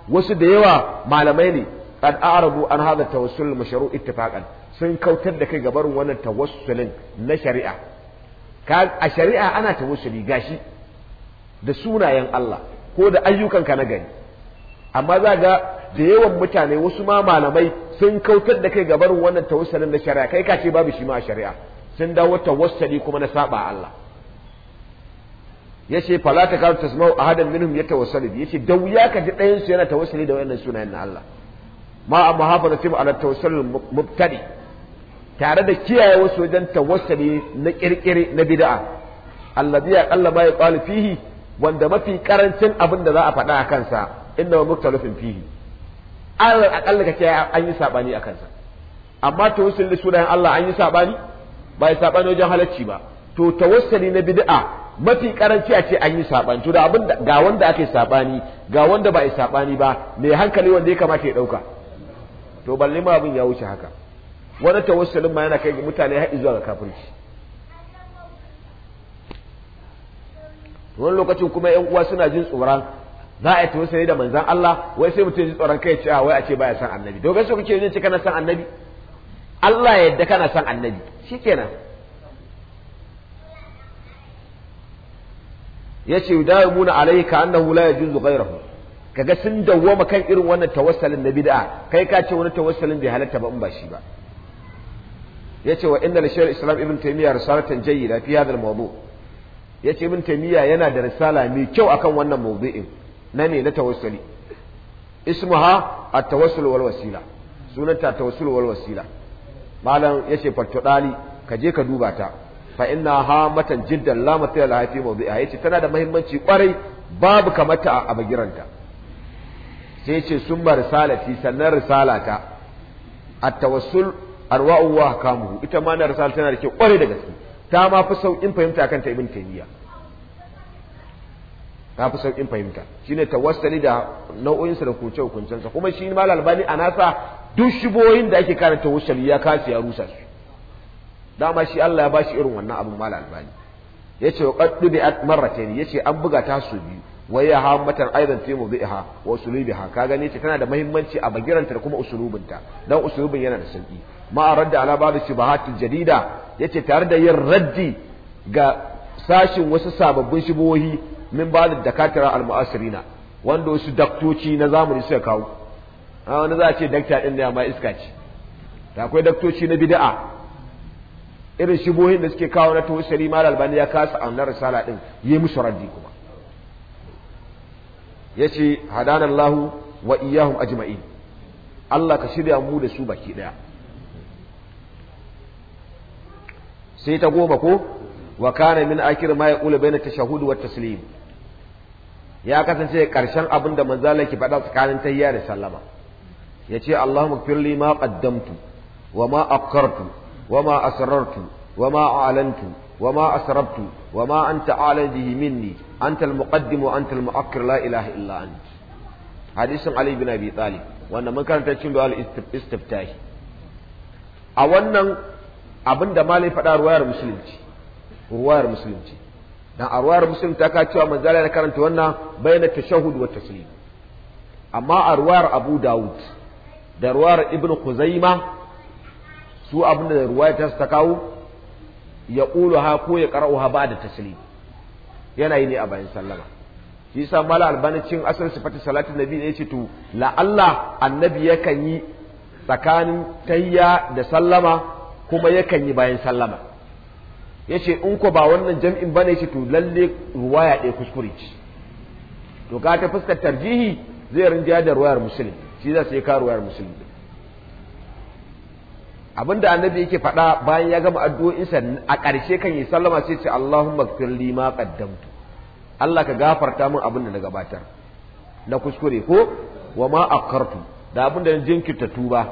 wasu da yawa malamai ne قد an عن هذا التوسل المشروع اتفاقا sun kautar da kai gabarin wannan tawassulin na shari'a a shari'a ana tawassuli gashi da sunayen Allah ko da ayyukanka na gari amma za ga da yawan mutane wasu ma malamai sun kautar da kai gabarin wannan tawassalin na shari'a kai ka ce babu shi ma a shari'a sun dawo tawassali kuma na saba Allah yace fala ta kawo tasma'u ahadan minhum yatawassalu bi yace da wuya ka ji ɗayansu su yana tawassali da wannan sunayen na Allah ma amma hafazatim ala tawassalul mubtadi tare da kiyaye wasu wajen tawassali na kirkire na bid'a alladhi aqalla ma yaqalu fihi wanda mafi karancin abin da za a faɗa a kansa inda wa lufin fihi alal akalla kake an yi saɓani a kansa amma da sunayen Allah an yi saɓani? ba ya saɓani wajen halacci ba to tawassuli na bid'a mafi karanci a ce an yi saɓani to da abin ga wanda ake saɓani, ga wanda ba yi saɓani ba mai hankali wanda ya kamata ya ɗauka? to balle ma abin ya wuce haka wani tawassulin ma yana kai mutane har zuwa ga kafirci wani lokacin kuma yan uwa suna jin tsoron za a yi tausayi da manzan Allah wai sai mutum ji tsoron kai ce ah, wai a ce baya san annabi dogon su kuke yin ce kana san annabi Allah ya yadda kana san annabi shi kenan. Ya ce shikenan muna yudawimuna ka annahu la yajuzu ghayruhu kaga sun dawwama kan irin wannan tawassalin na bid'a kai ka ce wani tawassalin bai halatta ba in ba shi ba Ya ce wa inna li shaykhil islam ibn taymiyyah risalatan jayyida fi hadha al-mawdu' ya ce ibn miya yana da risala mai kyau akan wannan mawdu'in na ne na tawassuli ismuha at-tawassul wal wasila sunanta tawassul wal wasila malam yace fattodali ka je ka duba ta fa inna ha matan jiddan la matala la fi ya yace tana da muhimmanci kwarai babu kamata a bagiranta sai ce yace ba risalati sannan risalata at-tawassul arwa'u wa kamu ita ma na risala tana da kyau kwarai da gaske ta ma fi sauƙin fahimta kan ta ibn taymiya ta fi sauƙin fahimta shine tawassali da nau'o'in sa da kunce hukuncensa kuma shi ma albani a nasa duk shiboyin da ake karanta tawassali ya kasu ya rusa su dama shi Allah ya bashi irin wannan abin mal albani yace wa qad dubi'at marratayn yace an buga ta su biyu wa ya ha matan aidan fi mudhiha wa usulubiha ka gane ce tana da muhimmanci a bagiranta da kuma usulubinta dan usulubin yana da sauki ma radda ala babu shubahatil jadida yace tare da yin raddi ga sashin wasu sababbin shubuhohi min ba da dakatara al-mu'asirina wanda wasu daktoci na zamani suka kawo a wani za a ce dakta din da ma iska ce da akwai daktoci na bid'a irin shubuhin da suke kawo na tawassuli mal albani ya kasa annar risala din yi musu raddi yace hadanallahu wa iyyahum ajma'in Allah ka shirya mu da su baki daya sai ta goma ko wa kana min akir ma yaqulu baina tashahhud wa taslim ya kasance karshen abin da manzo Allah ke faɗa tsakanin tahiyya da sallama yace Allahumma firli ma qaddamtu wa ma akhartu wa ma asrartu wa ma a'lantu وما أسربت وما أنت أعلى به مني أنت المقدم وأنت المؤخر لا إله إلا أنت حديث علي بن أبي طالب وأن من كان تشين بها الاستفتاح أولا abin da malai faɗa ruwayar musulunci ruwayar musulunci a ruwayar musulunci ta ka cewa manzala ya karanta wannan bayyana tashahhud wa taslim amma a ruwayar abu dawud da ruwayar ibnu kuzaima su abin da ta kawo ya ha ko ya qara'uha ba da taslim yana yi ne a bayan sallama shi sa mala albani cin asal sifatu salatin nabi ne ce to la Allah annabi yakan yi tsakanin tayya da sallama kuma yakan yi bayan sallama yace in ko ba wannan jam'in bane yace to lalle ruwaya ɗaya kuskure ce to ka ta fuskar tarjihi zai rinjaya da ruwayar musulmi shi za su yi ka ruwayar musulmi Abin da annabi yake faɗa bayan ya gama addu'o'insa a ƙarshe kan yi sallama sai ce Allahumma gfir li ma qaddamtu Allah ka gafarta min abin da na gabatar na kuskure ko wa ma akartu da abin da na jinkirta tuba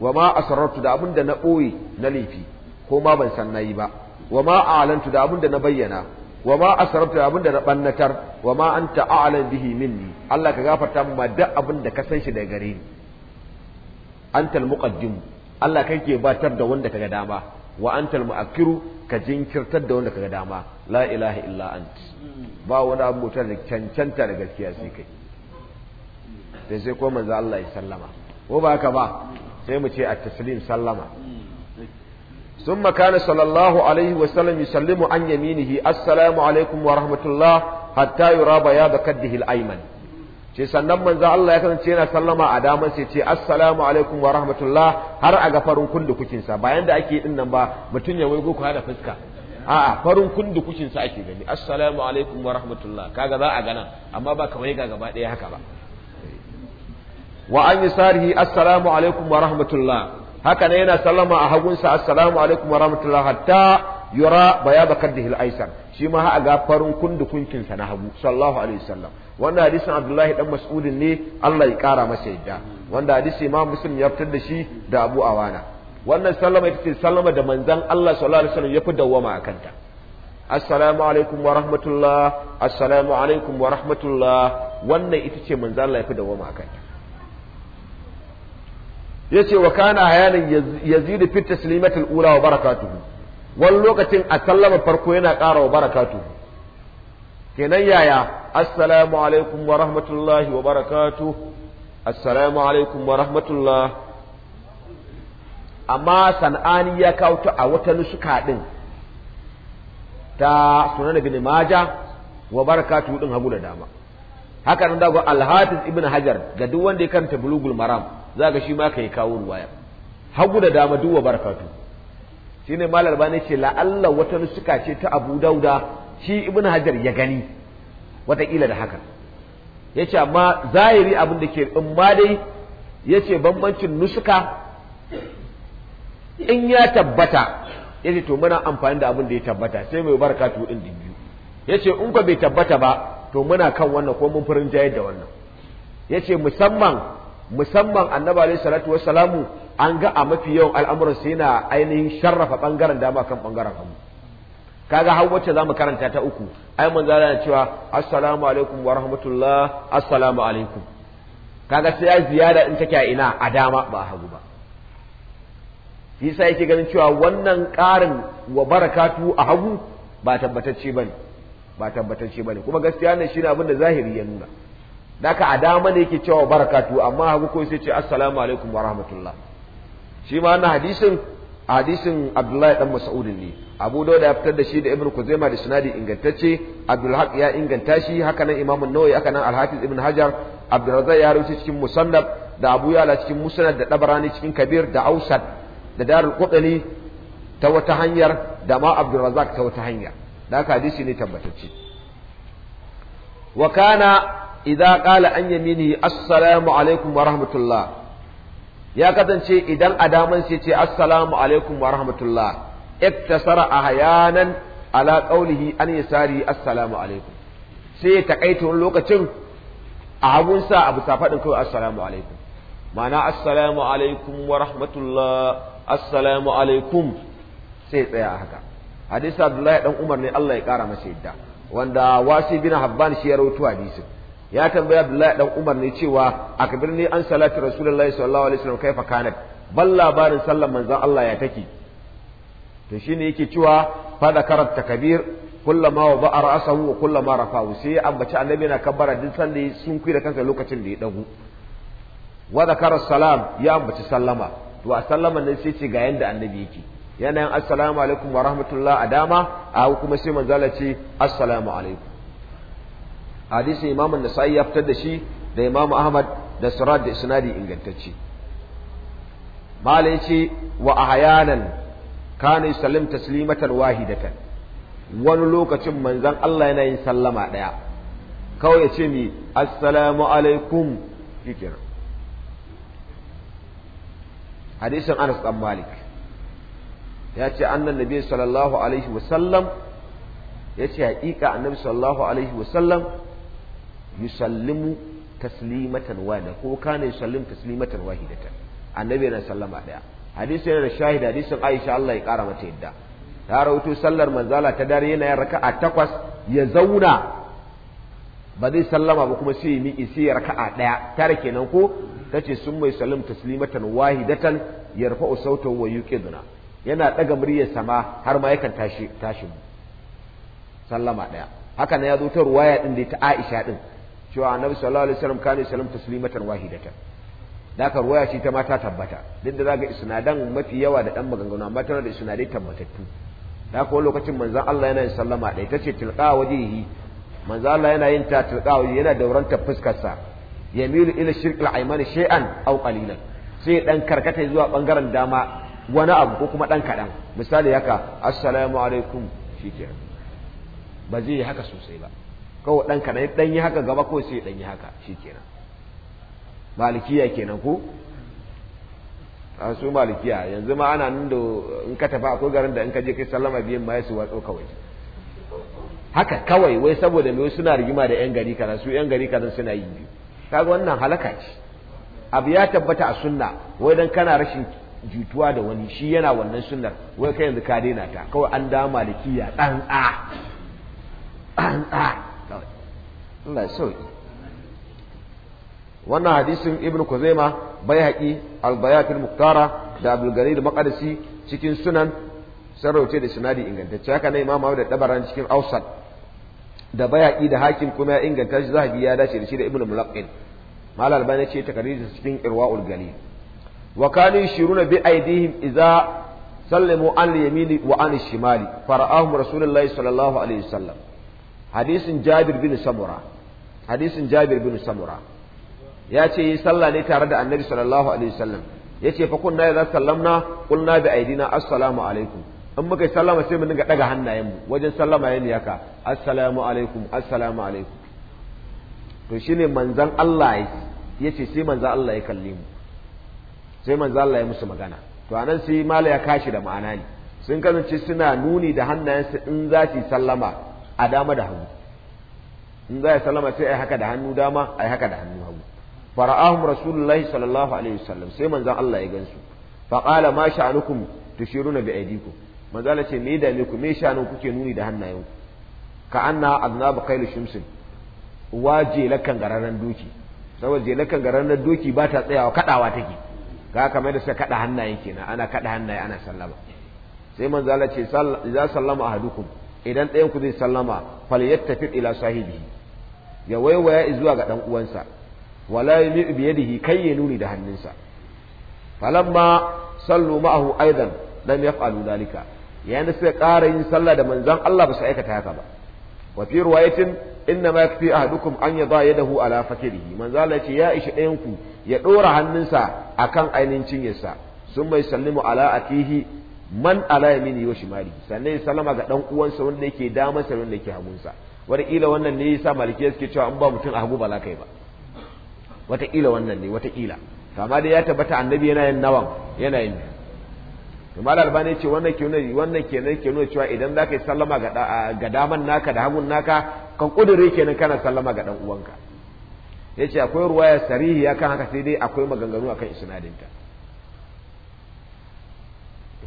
wa ma asarartu da abin da na ɓoye na laifi ko ma ban san nayi ba wa ma a'lantu da abin da na bayyana wa ma asarartu da abin da na bannatar wa ma anta a'lam bihi minni Allah ka gafarta min ma duk abin da ka san shi daga gare ni antal muqaddim Allah kai ke batar da wanda kaga dama wa antal mu'akkiru ka jinkirtar da wanda kaga dama la ilaha illa ant ba wani abu mutar da cancanta da gaskiya sai kai sai sai ko manzo Allah ya sallama ko ba haka ba sai mu ce at-taslim sallama ثم كان صلى الله عليه وسلم يسلم عن يمينه السلام عليكم ورحمة الله حتى يرى بياض كده الأيمن ce sannan manzo Allah ya kasance yana sallama a daman sai ce assalamu alaikum wa rahmatullah har a ga farin kucin sa bayan da ake din nan ba mutun ya waigo ku hada fuska a'a farin kucin sa ake gani assalamu alaikum wa rahmatullah kaga za a gana amma ba kamar ga gaba daya haka ba wa an yusarihi assalamu alaikum wa rahmatullah haka ne yana sallama a hagunsa assalamu alaikum wa rahmatullah hatta yura bayaba bakar da hil'aisar shi ma ha ga farin kundukunkin sa na hagu sallallahu alaihi wasallam wanda hadisin Abdullahi dan Mas'udin ne Allah ya kara masa yadda wanda hadisi Imam Muslim ya fitar da shi da Abu Awana wannan sallama ita ce sallama da manzon Allah sallallahu alaihi wasallam ya fi dawwama a kanta assalamu alaikum wa rahmatullah assalamu alaikum wa rahmatullah wannan ita ce manzon Allah ya fi dawwama a kanta yace wa kana hayanan yazid fi taslimatil ula wa barakatuhu wani lokacin a sallama farko yana ƙara wa barakatu kenan yaya assalamu alaikum wa rahmatullahi wa barakatu assalamu alaikum wa rahmatullah amma san'ani ya kawo ta a wata nusuka ɗin ta sunan bin maja wa barakatu ɗin hagu da dama haka nan dago alhafiz ibn hajar ga duk wanda ya karanta bulugul maram za ga shi ma ka yi kawo ruwaya hagu da dama duk wa barakatu shine mal albani ce la'alla wata nusuka ce ta abu dauda shi ibnu hajar ya gani kila da haka yace amma zahiri abin da ke in ma dai yace bambancin nusuka in ya tabbata yace to muna amfani da abin da ya tabbata sai mai barakatu din biyu yace in ko bai tabbata ba to muna kan wannan ko mun furin jayar da wannan yace musamman musamman annabi alaihi wasallam an ga a mafi yawan al'amuran su yana ainihin sharrafa ɓangaren dama kan ɓangaren hagu kaga har wacce za mu karanta ta uku ai zara yana cewa assalamu alaikum wa rahmatullah assalamu alaikum kaga sai ya ziyara in take a ina a dama ba a hagu ba yasa yake ganin cewa wannan ƙarin wa barakatu a hagu ba tabbatacce bane ba tabbatacce bane kuma gaskiya ne shine abin da zahiri ya nuna daka a dama ne yake cewa barakatu amma hagu ko sai ce assalamu alaikum wa rahmatullah shi ma wannan hadisin hadisin Abdullahi dan Mas'udin ne Abu Dawud ya fitar da shi da Ibn Kuzaima da sinadi ingantacce Abdul Haq ya inganta shi haka nan Imam an-Nawawi haka nan Al-Hafiz Ibn Hajar Abdul Razzaq ya rawaito cikin Musannaf da Abu Yala cikin Musnad da Dabarani cikin Kabir da Ausad da Darul Qutni ta wata hanyar da ma Abdul Razzaq ta wata hanya da haka hadisi ne tabbatacce wa kana idza qala an yaminihi assalamu alaikum wa rahmatullah ya kasance idan a daman sai ce assalamu alaikum wa rahmatullah iktasara ahyanan ala qawlihi an yasari assalamu alaikum sai ya takaita wani lokacin a hagun sa abu safadin kawai assalamu alaikum ma'ana assalamu alaikum wa rahmatullah assalamu alaikum sai tsaya a haka hadisi abdullahi dan umar ne Allah ya kara masa yadda wanda wasi bin habban shi ya rawaito hadisin ya tambaya Abdullahi dan Umar ne cewa a akbirni an salati Rasulullahi sallallahu alaihi wasallam kaifa kanat bal labarin sallan manzon Allah ya take to shine yake cewa fa karat takbir kullama wa ba'a ra'sahu wa kullama rafa'u sai ambaci annabi na kabbara din sanda sun sunkuyi da kansa lokacin da ya dagu wa zakara salam ya ambaci sallama to a sallama ne sai ce ga yanda annabi yake yana yin assalamu alaikum wa rahmatullah a dama a kuma sai manzala ce assalamu alaikum hadisin imamun nasa'i ya fitar da shi da imam ahmad da surat da isnadi ingantacce mala ce wa ahyanan kana yusallim taslimatan wahidatan wani lokacin manzan Allah yana yin sallama ɗaya. kawai ya ce mi assalamu alaikum shikenan hadisin Anas dan Malik ya ce annan nabi sallallahu alaihi wasallam ya ce haƙiƙa annabi sallallahu alaihi wasallam yusallimu taslimatan wahida ko kana yusallim taslimatan wahidatan annabi yana sallama daya hadisi yana da shahida hadisin Aisha Allah ya kara mata yadda ta rawaito sallar manzala ta dare yana yin raka'a takwas ya zauna ba zai sallama ba kuma sai miki miƙe sai raka'a daya tare kenan ko tace sun mai sallim taslimatan wahidatan yarfa'u sautahu wa yuqiduna yana daga muryar sama har ma yakan tashi tashi sallama daya haka ne ya zo ta ruwaya din da ta Aisha din cewa annabi sallallahu alaihi wasallam kana sallam taslimatan wahidatan da ka ruwaya ce ta mata tabbata duk da zaga isnadan mafi yawa da dan maganganu amma tana da isnadai tabbatattu da ka lokacin manzon Allah yana yin sallama da tace ce tilqa wajihi manzon Allah yana yin ta tilqa wajihi yana ta fuskar sa yamilu ila shirkil ayman shay'an aw qalilan sai dan karkata zuwa bangaren dama wani abu ko kuma dan kadan misali haka assalamu alaikum ke ba zai yi haka sosai ba kawai ɗan kaɗan ɗan yi haka gaba ko sai ɗan yi haka shi kenan malikiya kenan ko a ah, su malikiya yanzu ma ana nan da in ka tafi akwai garin da in ka je kai sallama biyan ma su watsa kawai haka kawai wai saboda me suna rigima da yan gari kaza su yan gari kaza suna yi biyu kaga wannan halaka ce abu ya tabbata a sunna wai dan kana rashin jituwa da wani shi yana wannan sunnar wai kai yanzu ka daina ta kawai an da malikiya dan a dan a Allah ya sauki wannan hadisin ibn kuzaima bayhaqi al-bayatil muqtara da abdul da maqdisi cikin sunan sarraute da sinadi ingantacce haka na imam Ahmad da dabaran cikin ausat da bayaki da hakim kuma ya inganta shi zahabi ya dace da shi da ibn mulaqin mal albani ce takarrir cikin irwaul galil wa kanu yashiruna bi aidihim idza sallamu an yamini wa an shimali fara'ahum rasulullahi sallallahu alaihi wasallam hadisin jabir bin samura hadisin Jabir bin Samura ya ce yi sallah ne tare da Annabi sallallahu alaihi wasallam ya ce fa kunna idza sallamna qulna bi aidina assalamu alaikum in muka sallama sai mu dinga daga hannayen mu wajen sallama yayin yaka assalamu alaikum assalamu alaikum to shine manzon Allah ya ce sai manzon Allah ya kalle mu sai manzon Allah ya musu magana to anan sai mala ya kashi da ma'ana ne sun kasance suna nuni da hannayensu in za su sallama a dama da hagu in za a salama sai ai haka da hannu dama ai haka da hannu hagu fara'ahum rasulullahi sallallahu alaihi wasallam sai manzon Allah ya gansu fa qala ma sha'anukum tushiruna bi aydikum manzo Allah ce me da me ku me sha'anu kuke nuni da hannayen ku. ka anna adnab qayl shimsin waje lakan gararan doki saboda jelakan gararan doki ba ta tsayawa kadawa take ga kamar da suka kada hannayen kenan ana kada hannaye ana sallama sai manzo Allah ce za sallama ahadukum idan ɗayan ku zai sallama tafi ila sahibi ya waiwaya zuwa ga dan uwansa wala yumi bi yadihi kai ya nuni da hannunsa falamma sallu ma'ahu aidan lam yaf'alu dalika yana da suka ƙara yin sallah da manzan Allah ba su aikata haka ba wa fi ruwayatin inna ma yakfi ahadukum an yada yadahu ala fakirihi Manzan Allah ce ya ishi ɗayan ku ya ɗora hannunsa akan ainihin cinyarsa sun mai sallimu ala akihi man ala yamini wa shimali sannan ya salama ga dan uwansa wanda yake damar sa wanda yake hagunsa kila wannan ne yasa malikiya suke cewa an ba mutum a hagu ba za ka yi ba kila wannan ne wata kila kama dai ya tabbata annabi yana yin nawan yana yin kamar albani ce wannan ke nuna wannan ke nuna ke nuna cewa idan zaka yi sallama ga ga daman naka da hagun naka kan kudure kenan kana sallama ga dan uwanka yace akwai ruwaya sarihi ya kan haka sai dai akwai maganganu akan isnadinta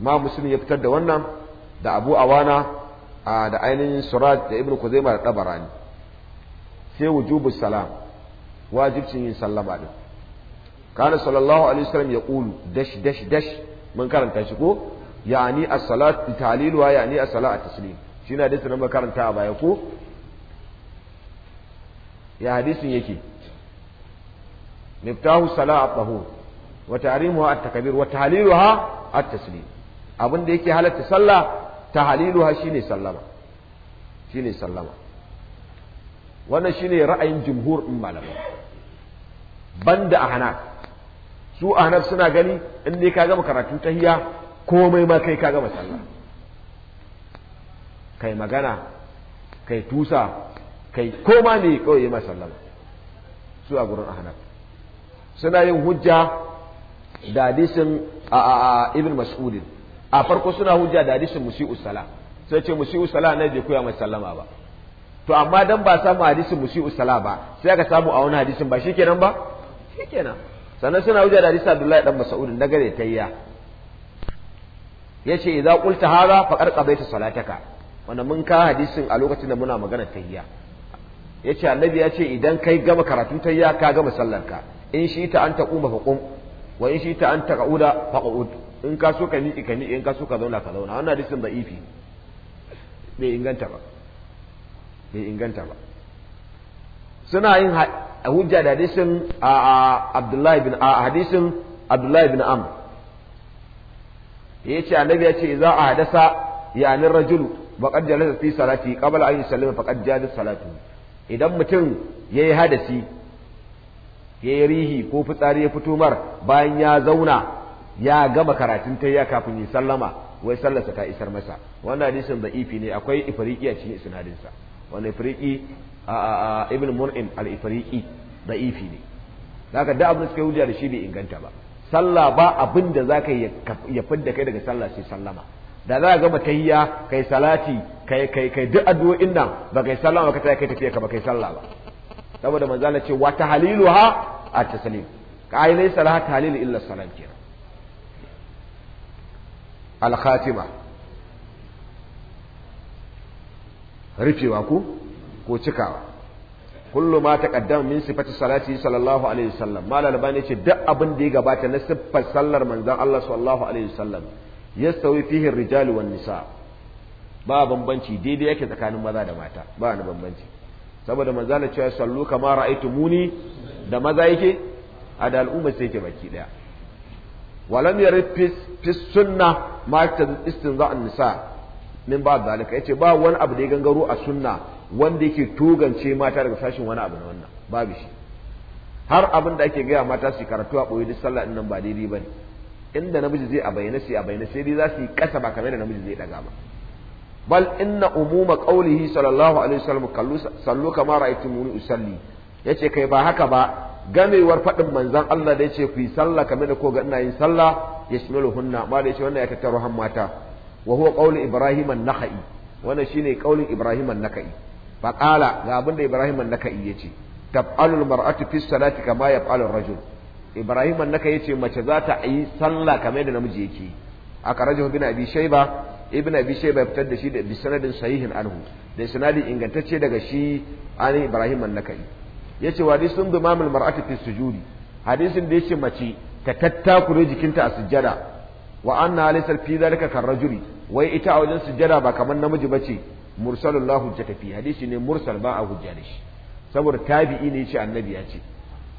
imam muslim ya fitar da wannan da abu awana da ainihin suraj da ibn kuzaima da tabarani sai wujubu salam wajibcin yin sallama din kana sallallahu alaihi wasallam ya qulu dash dash dash mun karanta shi ko yani as salatu bitalil wa yani as salatu at shi na hadisin sunan makaranta a baya ko ya hadisin yake miftahu salat at-tahur wa ta'rimuha at-takbir wa taliluwa at-taslim abin da yake halatta sallah tahliluha shine sallama shine sallama wannan shine ra'ayin jumhur din malama. banda ahana su ahana suna gani in ne ka gama karatu tahiya komai ma kai ka gama sallah kai magana kai tusa kai koma ne kawai yi sallama su a gurin ahana suna yin hujja da hadisin a ibn mas'udin a farko suna hujja da hadisin musi'u sala sai ce musi'u sala na bai koya mai sallama ba to amma dan ba samu hadisin musi'u sala ba sai aka samu a wani hadisin ba shikenan ba shikenan sannan suna hujja da hadisin Abdullahi dan Mas'ud Ya ce tayya yace idza qulta hadha faqad qadaita salataka wannan mun ka hadisin a lokacin da muna magana tayya yace annabi ya ce idan kai gama karatu tayya ka gama sallarka in shi ta an taquma faqum wa in shi ta an taqauda faqud in ka so ka niƙi ka niƙi in ka so ka zauna ka zauna wannan hadisin da ifi bai inganta ba bai inganta ba suna yin hujja da hadisin a Abdullahi bin a hadisin Abdullahi bin Am. yace annabi ya ce za a hadasa yanin rajul faqad jalasa fi salati qabla an yusallima faqad jalasa salatu idan mutum yayi hadasi yayi rihi ko fitsari ya fito mar bayan ya zauna ya gama karatun ta ya kafin yi sallama wai sallarsa ta isar masa wannan hadisin da'ifi ne akwai ifriqi a cikin sinadinsa wannan ifriqi a ibn mur'in al-ifriqi da'ifi ne zaka da abin suka hujja da shi bai inganta ba sallah ba abin da zaka ya fidda kai daga sallah sai sallama da za ka gama tahiyya kai salati kai kai kai duk addu'o'in nan ba kai sallama ka kai tafiya ka ba kai sallah ba saboda manzo Allah ce wa tahliluha at-taslim kai laysa laha tahlil illa salam kenan alkhatima rufewa ko ko cikawa kullu ma taqaddama min sifati salati sallallahu alaihi wasallam malal bani ce duk abin da ya gabata na siffar sallar manzon Allah sallallahu alaihi wasallam yastawi fihi ar-rijalu wan nisa ba bambanci daidai yake tsakanin maza da mata ba ni bambanci saboda manzon Allah cewa sallu kama ra'aytumuni da maza yake a da al'umma sai yake baki daya walam yarid fi sunna ma istinza an nisa min ba zalika yace ba wani abu da ya gangaro a sunna wanda yake tugance mata daga sashin wani abu na wannan babu shi har abin da ake gaya mata su karatu a boye sallah din nan ba daidai bane inda namiji zai abaina sai abaina sai dai za su yi kasa ba kamar da namiji zai daga ba bal inna umuma qawlihi sallallahu alaihi wasallam kallu sallu kama ra'aytumuni usalli yace kai ba haka ba gamewar faɗin manzan Allah da ya ce ku yi sallah kame da ko ina yin sallah ya shi hunna ma da ya ce wannan ya tattaro han mata wa huwa qaulu ibrahim an naka'i wannan shine qaulin ibrahim an naka'i fa qala ga abin da ibrahim an ya yace taf'alul mar'atu fi salati kama yaf'alu ar-rajul ibrahim an-nakhai yace mace za ta yi sallah kame da namiji yake aka rajahu bin abi shayba ibn abi shayba fitar da shi da bisanadin sahihin anhu da sanadin ingantacce daga shi ani ibrahim an naka'i yace wa hadisin dumamul mar'ati fi sujudi hadisin da yace mace ta tattakure jikinta a sujjada wa anna laysa fi zalika karrajuli wai ita a wajen sujjada ba kamar namiji bace ce la fi hadisi ne mursal ba a hujja da shi saboda tabi'i ne yace annabi ya ce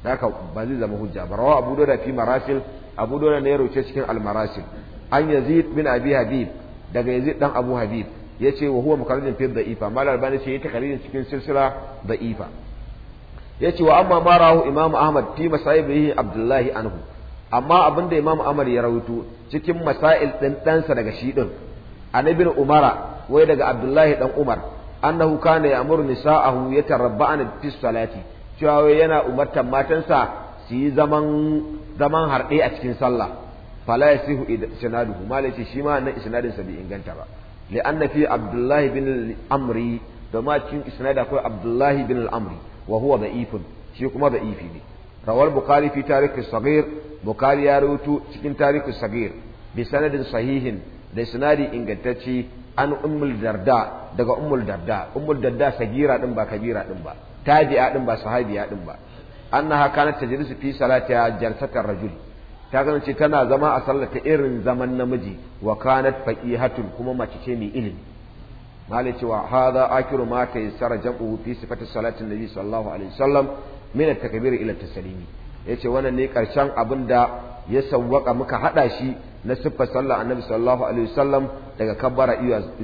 haka ba zai zama hujja ba rawa abu dawud fi marasil abu dawud ne ya cikin al marasil an yazid bin abi habib daga yazid dan abu habib yace wa huwa mukarrajin fi da'ifa mal albani ce yayi takaririn cikin silsila ya ce wa amma ma rahu imamu ahmad fi masaibihi abdullahi anhu amma abin da imamu ahmad ya rawaito cikin masail din ɗansa daga shi din anabin umara wai daga abdullahi dan umar annahu kana ya'muru nisa'ahu yatarabba'ana fi salati cewa yana umartar matansa su yi zaman zaman harɗe a cikin sallah fala yasihu isnaduhu malaci shi ma nan isnadin sa bai inganta ba li'anna fi abdullahi bin amri da ma cikin isnad akwai abdullahi bin amri wa baifin shi kuma da'ifi ne rawar bukari fi tarihi sagir bukari ya cikin tarihi sagir bi sanadin sahihin da sinadi ingantacci an ummul darda daga ummul darda ummul darda sagira din ba kabira din ba tabi'a din ba sahabiya din ba annaha kanat tajlisu fi salatiha jalsatar rajul ta gano ce tana zama a sallata irin zaman namiji wa kanat faqihatun kuma mace ce mai ilimi malai cewa hadha akiru ma tayassara jam'u fi sifati salatin nabi sallallahu alaihi wasallam min at-takbir ila at-taslimi yace wannan ne karshen abin da ya sawwaka muka hada shi na siffar sallar annabi sallallahu alaihi wasallam daga kabbara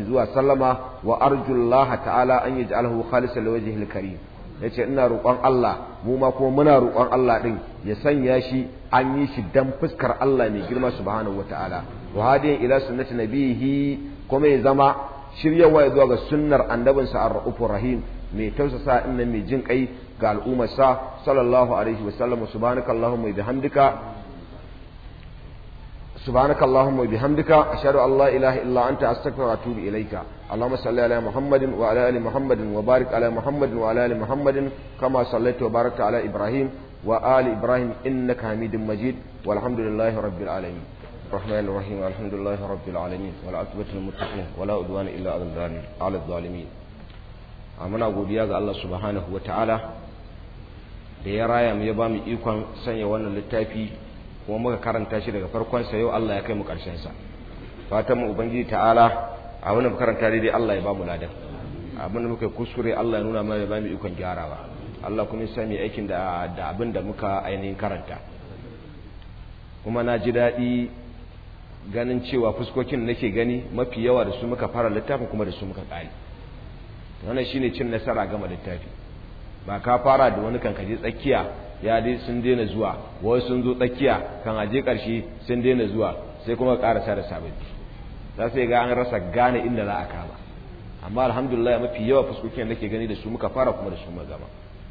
zuwa sallama wa arjullah ta'ala an yaj'alhu khalisan liwajhihi al-karim yace ina roƙon Allah mu ma kuma muna roƙon Allah din ya sanya shi an yi shi dan fuskar Allah mai girma subhanahu wata'ala wa hadiyan ila sunnati nabihi kuma ya zama shiryawa ya zuwa ga sunnar annabinsa ar-raufur rahim mai tausasa inna mai jin kai ga sa sallallahu alaihi wa sallam subhanakallahumma bihamdika subhanakallahumma bihamdika ashhadu an la ilaha illa anta astaghfiruka wa atubu ilaika allahumma salli ala muhammadin wa ala ali muhammadin wa barik ala muhammadin wa ala ali muhammadin kama sallaita wa barakta ala ibrahim wa ali ibrahim innaka hamidum majid walhamdulillahi rabbil alamin الرحمن الرحيم الحمد لله رب العالمين ولا إلا على الظالمين godiya ga Allah subhanahu ta'ala da ya raya mu ya ba mu ikon sanya wannan littafi kuma muka karanta shi daga farkon sa yau Allah ya kai mu karshen sa fatan mu ubangiji ta'ala a wannan karanta dai Allah ya ba mu ladan abin da muka kuskure Allah ya nuna mana ya ba mu ikon gyarawa Allah kuma ya sa mu aikin da da abin da muka ainihin karanta kuma na ji daɗi ganin cewa fuskokin nake gani mafi yawa da su muka fara littafin kuma da su muka ƙari wannan shine cin nasara gama littafi ba ka fara da wani kankaje tsakiya ya dai sun daina zuwa wai sun zo tsakiya kan aje ƙarshe sun daina zuwa sai kuma sa da sababbi za sai ga an rasa gane inda za a kama amma alhamdulillah mafi yawa fuskokin nake gani da su muka fara kuma da su muka gama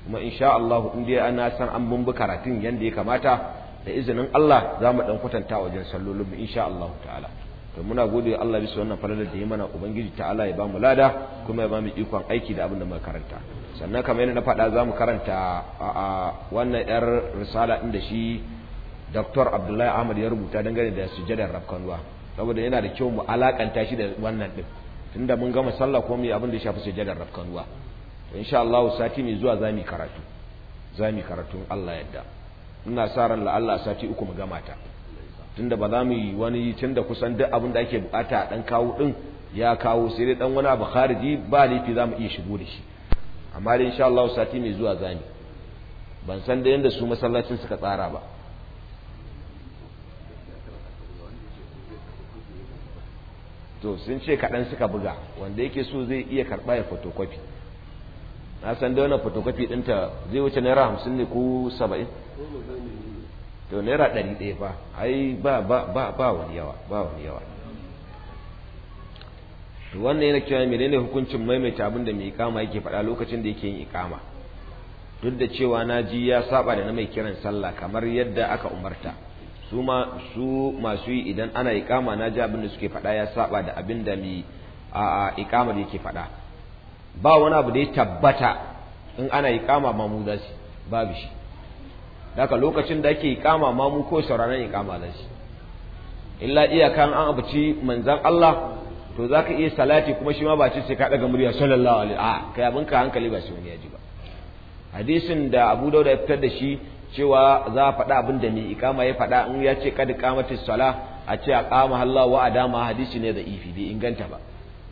kuma insha Allah in dai ana san an bumbu karatun yanda ya kamata da izinin Allah za mu ɗan kwatanta wajen sallolin mu insha Allah ta'ala to muna gode Allah bisa wannan falalar da ya mana ubangiji ta'ala ya ba mu lada kuma ya ba mu ikon aiki da abin da muka karanta sannan kamar yadda na faɗa za mu karanta a wannan yar risala inda shi Dr. Abdullahi Ahmad ya rubuta dangane da sujadar rafkanwa saboda yana da kyau mu alakanta shi da wannan din tunda mun gama sallah ko mu yi abin da ya shafi sujadar rafkanwa insha Allah sati mai zuwa za mu karatu za mu karatu Allah yadda ina sa ran Allah sati uku mu gama ta tunda ba za mu yi wani tunda kusan duk abin da ake bukata dan kawo din ya kawo sai dai dan wani abu khariji ba laifi za mu iya shigo da shi amma dai insha Allah sati mai zuwa zani ban san da yanda su masallacin suka tsara ba to sun ce kaɗan suka buga wanda yake so zai iya karɓa ya photocopy na san da wani photocopy ɗinta zai wuce naira hamsin ne ko saba'in to naira ɗari ɗaya ba ai ba ba ba wani yawa ba wani yawa to wannan yana cewa ne hukuncin maimaita abin da mai ikama yake faɗa lokacin da yake yin ikama duk da cewa na ji ya saba da na mai kiran sallah kamar yadda aka umarta su ma masu yi idan ana ikama na ji abin da suke faɗa ya saba da abin da mai a ikama da yake faɗa ba wani abu da ya tabbata in ana yi kama mamu za su babu shi daga lokacin da ake yi kama mamu ko yi kama za su illa iyakan an abuci manzan Allah to za ka iya salati kuma shi ma ba ce sai ka daga murya sallallahu alaihi a kai abin ka hankali ba shi wani ya ji ba hadisin da Abu Dawud ya fitar da shi cewa za a faɗa abin da mai ikama ya faɗa in ya ce kada kamatis sala a ce a kama Allah a dama hadisi ne da ifi bai inganta ba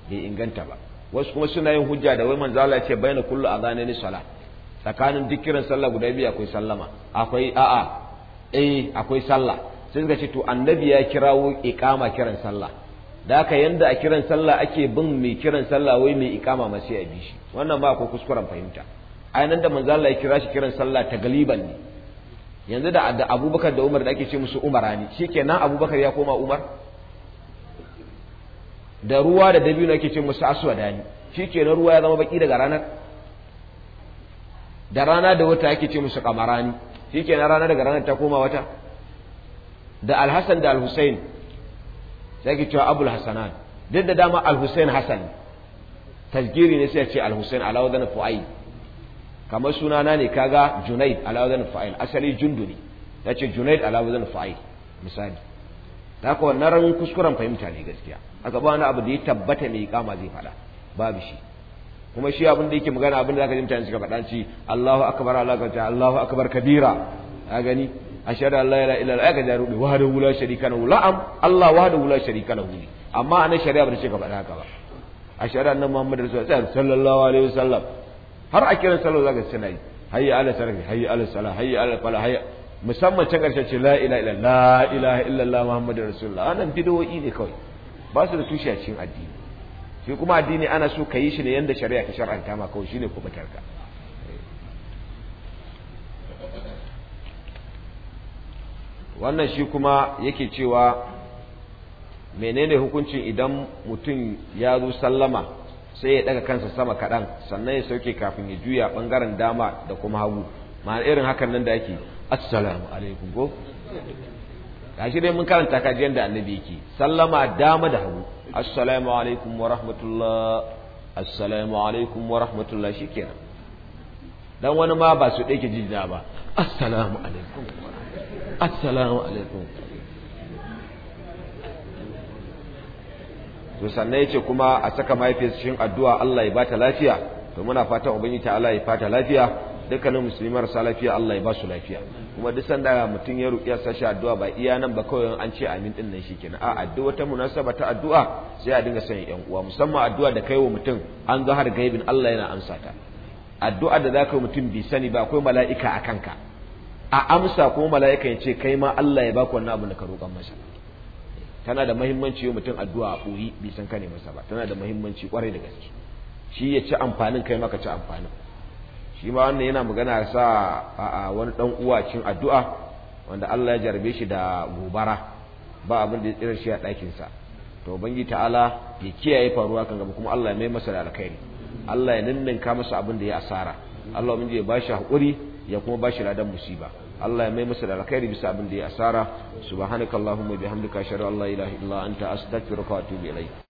bai inganta ba wasu kuma suna yin hujja da wai manzo Allah ya ce bayna kullu ni sala tsakanin duk kiran sallah guda biyu akwai sallama akwai a'a eh akwai sallah sai suka ce to annabi ya kirawo iqama kiran sallah da haka yanda a kiran sallah ake bin mai kiran sallah wai mai iqama ma sai a bi shi wannan ba akwai kuskuren fahimta ai nan da manzo Allah ya kira shi kiran sallah ta galiban ne yanzu da Abubakar da Umar da ake ce musu Umara ne shikenan Abubakar ya koma Umar da ruwa da dabino ake ce musu ke na ruwa ya zama baki daga ranar da rana da wata ake ce musu kamarani na rana daga ranar ta koma wata da alhassan da alhussein sai ake cewa abul hasanan duk da dama alhussein hassan tasgiri ne sai a ce alhussein alawadan fu'ai kamar sunana ne kaga junaid alawadan fa'ai asali jundu ne ya ce junaid alawadan fa'il misali da haka wannan ran kuskuren fahimta ne gaskiya aka ba wani abu da ya tabbata mai kama zai faɗa babu shi kuma shi abin da yake magana abin da zaka ji mutane suka faɗa ci Allahu akbar Allahu akbar Allahu akbar kabira ka gani ashhadu an la ilaha illa Allah ka jaru wahdahu la sharika lahu la'am Allah wahdahu la sharika lahu amma anan shari'a ba ta ce ka faɗa haka ba ashhadu anna muhammadar rasulullah sallallahu alaihi wasallam har a kiran sallallahu zaka ce nayi hayya ala sarfi hayya ala salah hayya ala Fala, hayya musamman can ƙarshe ce la ilaha illallah la ilaha illallah muhammadur rasulullah Anan bid'o'i ne kawai ba su da tushe a cikin addini shi kuma addini ana so ka yi shi ne yanda shari'a ta shar'anta ma kawai ne kuma tarka wannan shi kuma yake cewa menene hukuncin idan mutum ya zo sallama sai ya daga kansa sama kaɗan sannan ya sauke kafin ya juya ɓangaren dama da kuma hagu ma irin hakan nan da ake assalamu alaikum ko gashi dai mun karanta ji yanda annabi yake sallama dama da hagu assalamu alaikum wa rahmatullah assalamu alaikum wa rahmatullah shikenan dan wani ma ba su dake jijina ba assalamu alaikum assalamu alaikum to sannan yace kuma a saka mahaifiyar shin addu'a Allah ya bata lafiya to muna fatan ubangiji ta Allah ya bata lafiya dukkanin musulmi marasa lafiya Allah ya ba su lafiya kuma duk sanda mutum ya ruƙi sa shi addu'a ba iya nan ba kawai an ce amin din nan shikenan a addu'a ta munasaba ta addu'a sai a dinga sanya yan uwa musamman addu'a da kai wa mutum an ga har gaibin Allah yana amsa ta addu'a da zaka mutum bi sani ba akwai mala'ika a kanka a amsa kuma mala'ika ya ce kai ma Allah ya baka wannan abu da ka roƙan masa tana da muhimmanci yau mutum addu'a a ɓoyi bi san ka ne masa ba tana da muhimmanci kwarai da gaske shi ya ci amfanin kai maka ci amfanin shi ma wannan yana magana sa a wani dan uwa cin addu'a wanda Allah ya jarbe shi da gobara ba abin da ya tsira shi a ɗakin sa to bangi ta'ala ya kiyaye faruwa kan gaba kuma Allah ya mai masa da alkhairi Allah ya ninninka masa abin da ya asara Allah mun ya bashi hakuri ya kuma bashi ladan musiba Allah ya mai masa da alkhairi bisa abin da ya asara subhanakallahumma bihamdika ashhadu an la ilaha illa anta astaghfiruka wa atubu ilayk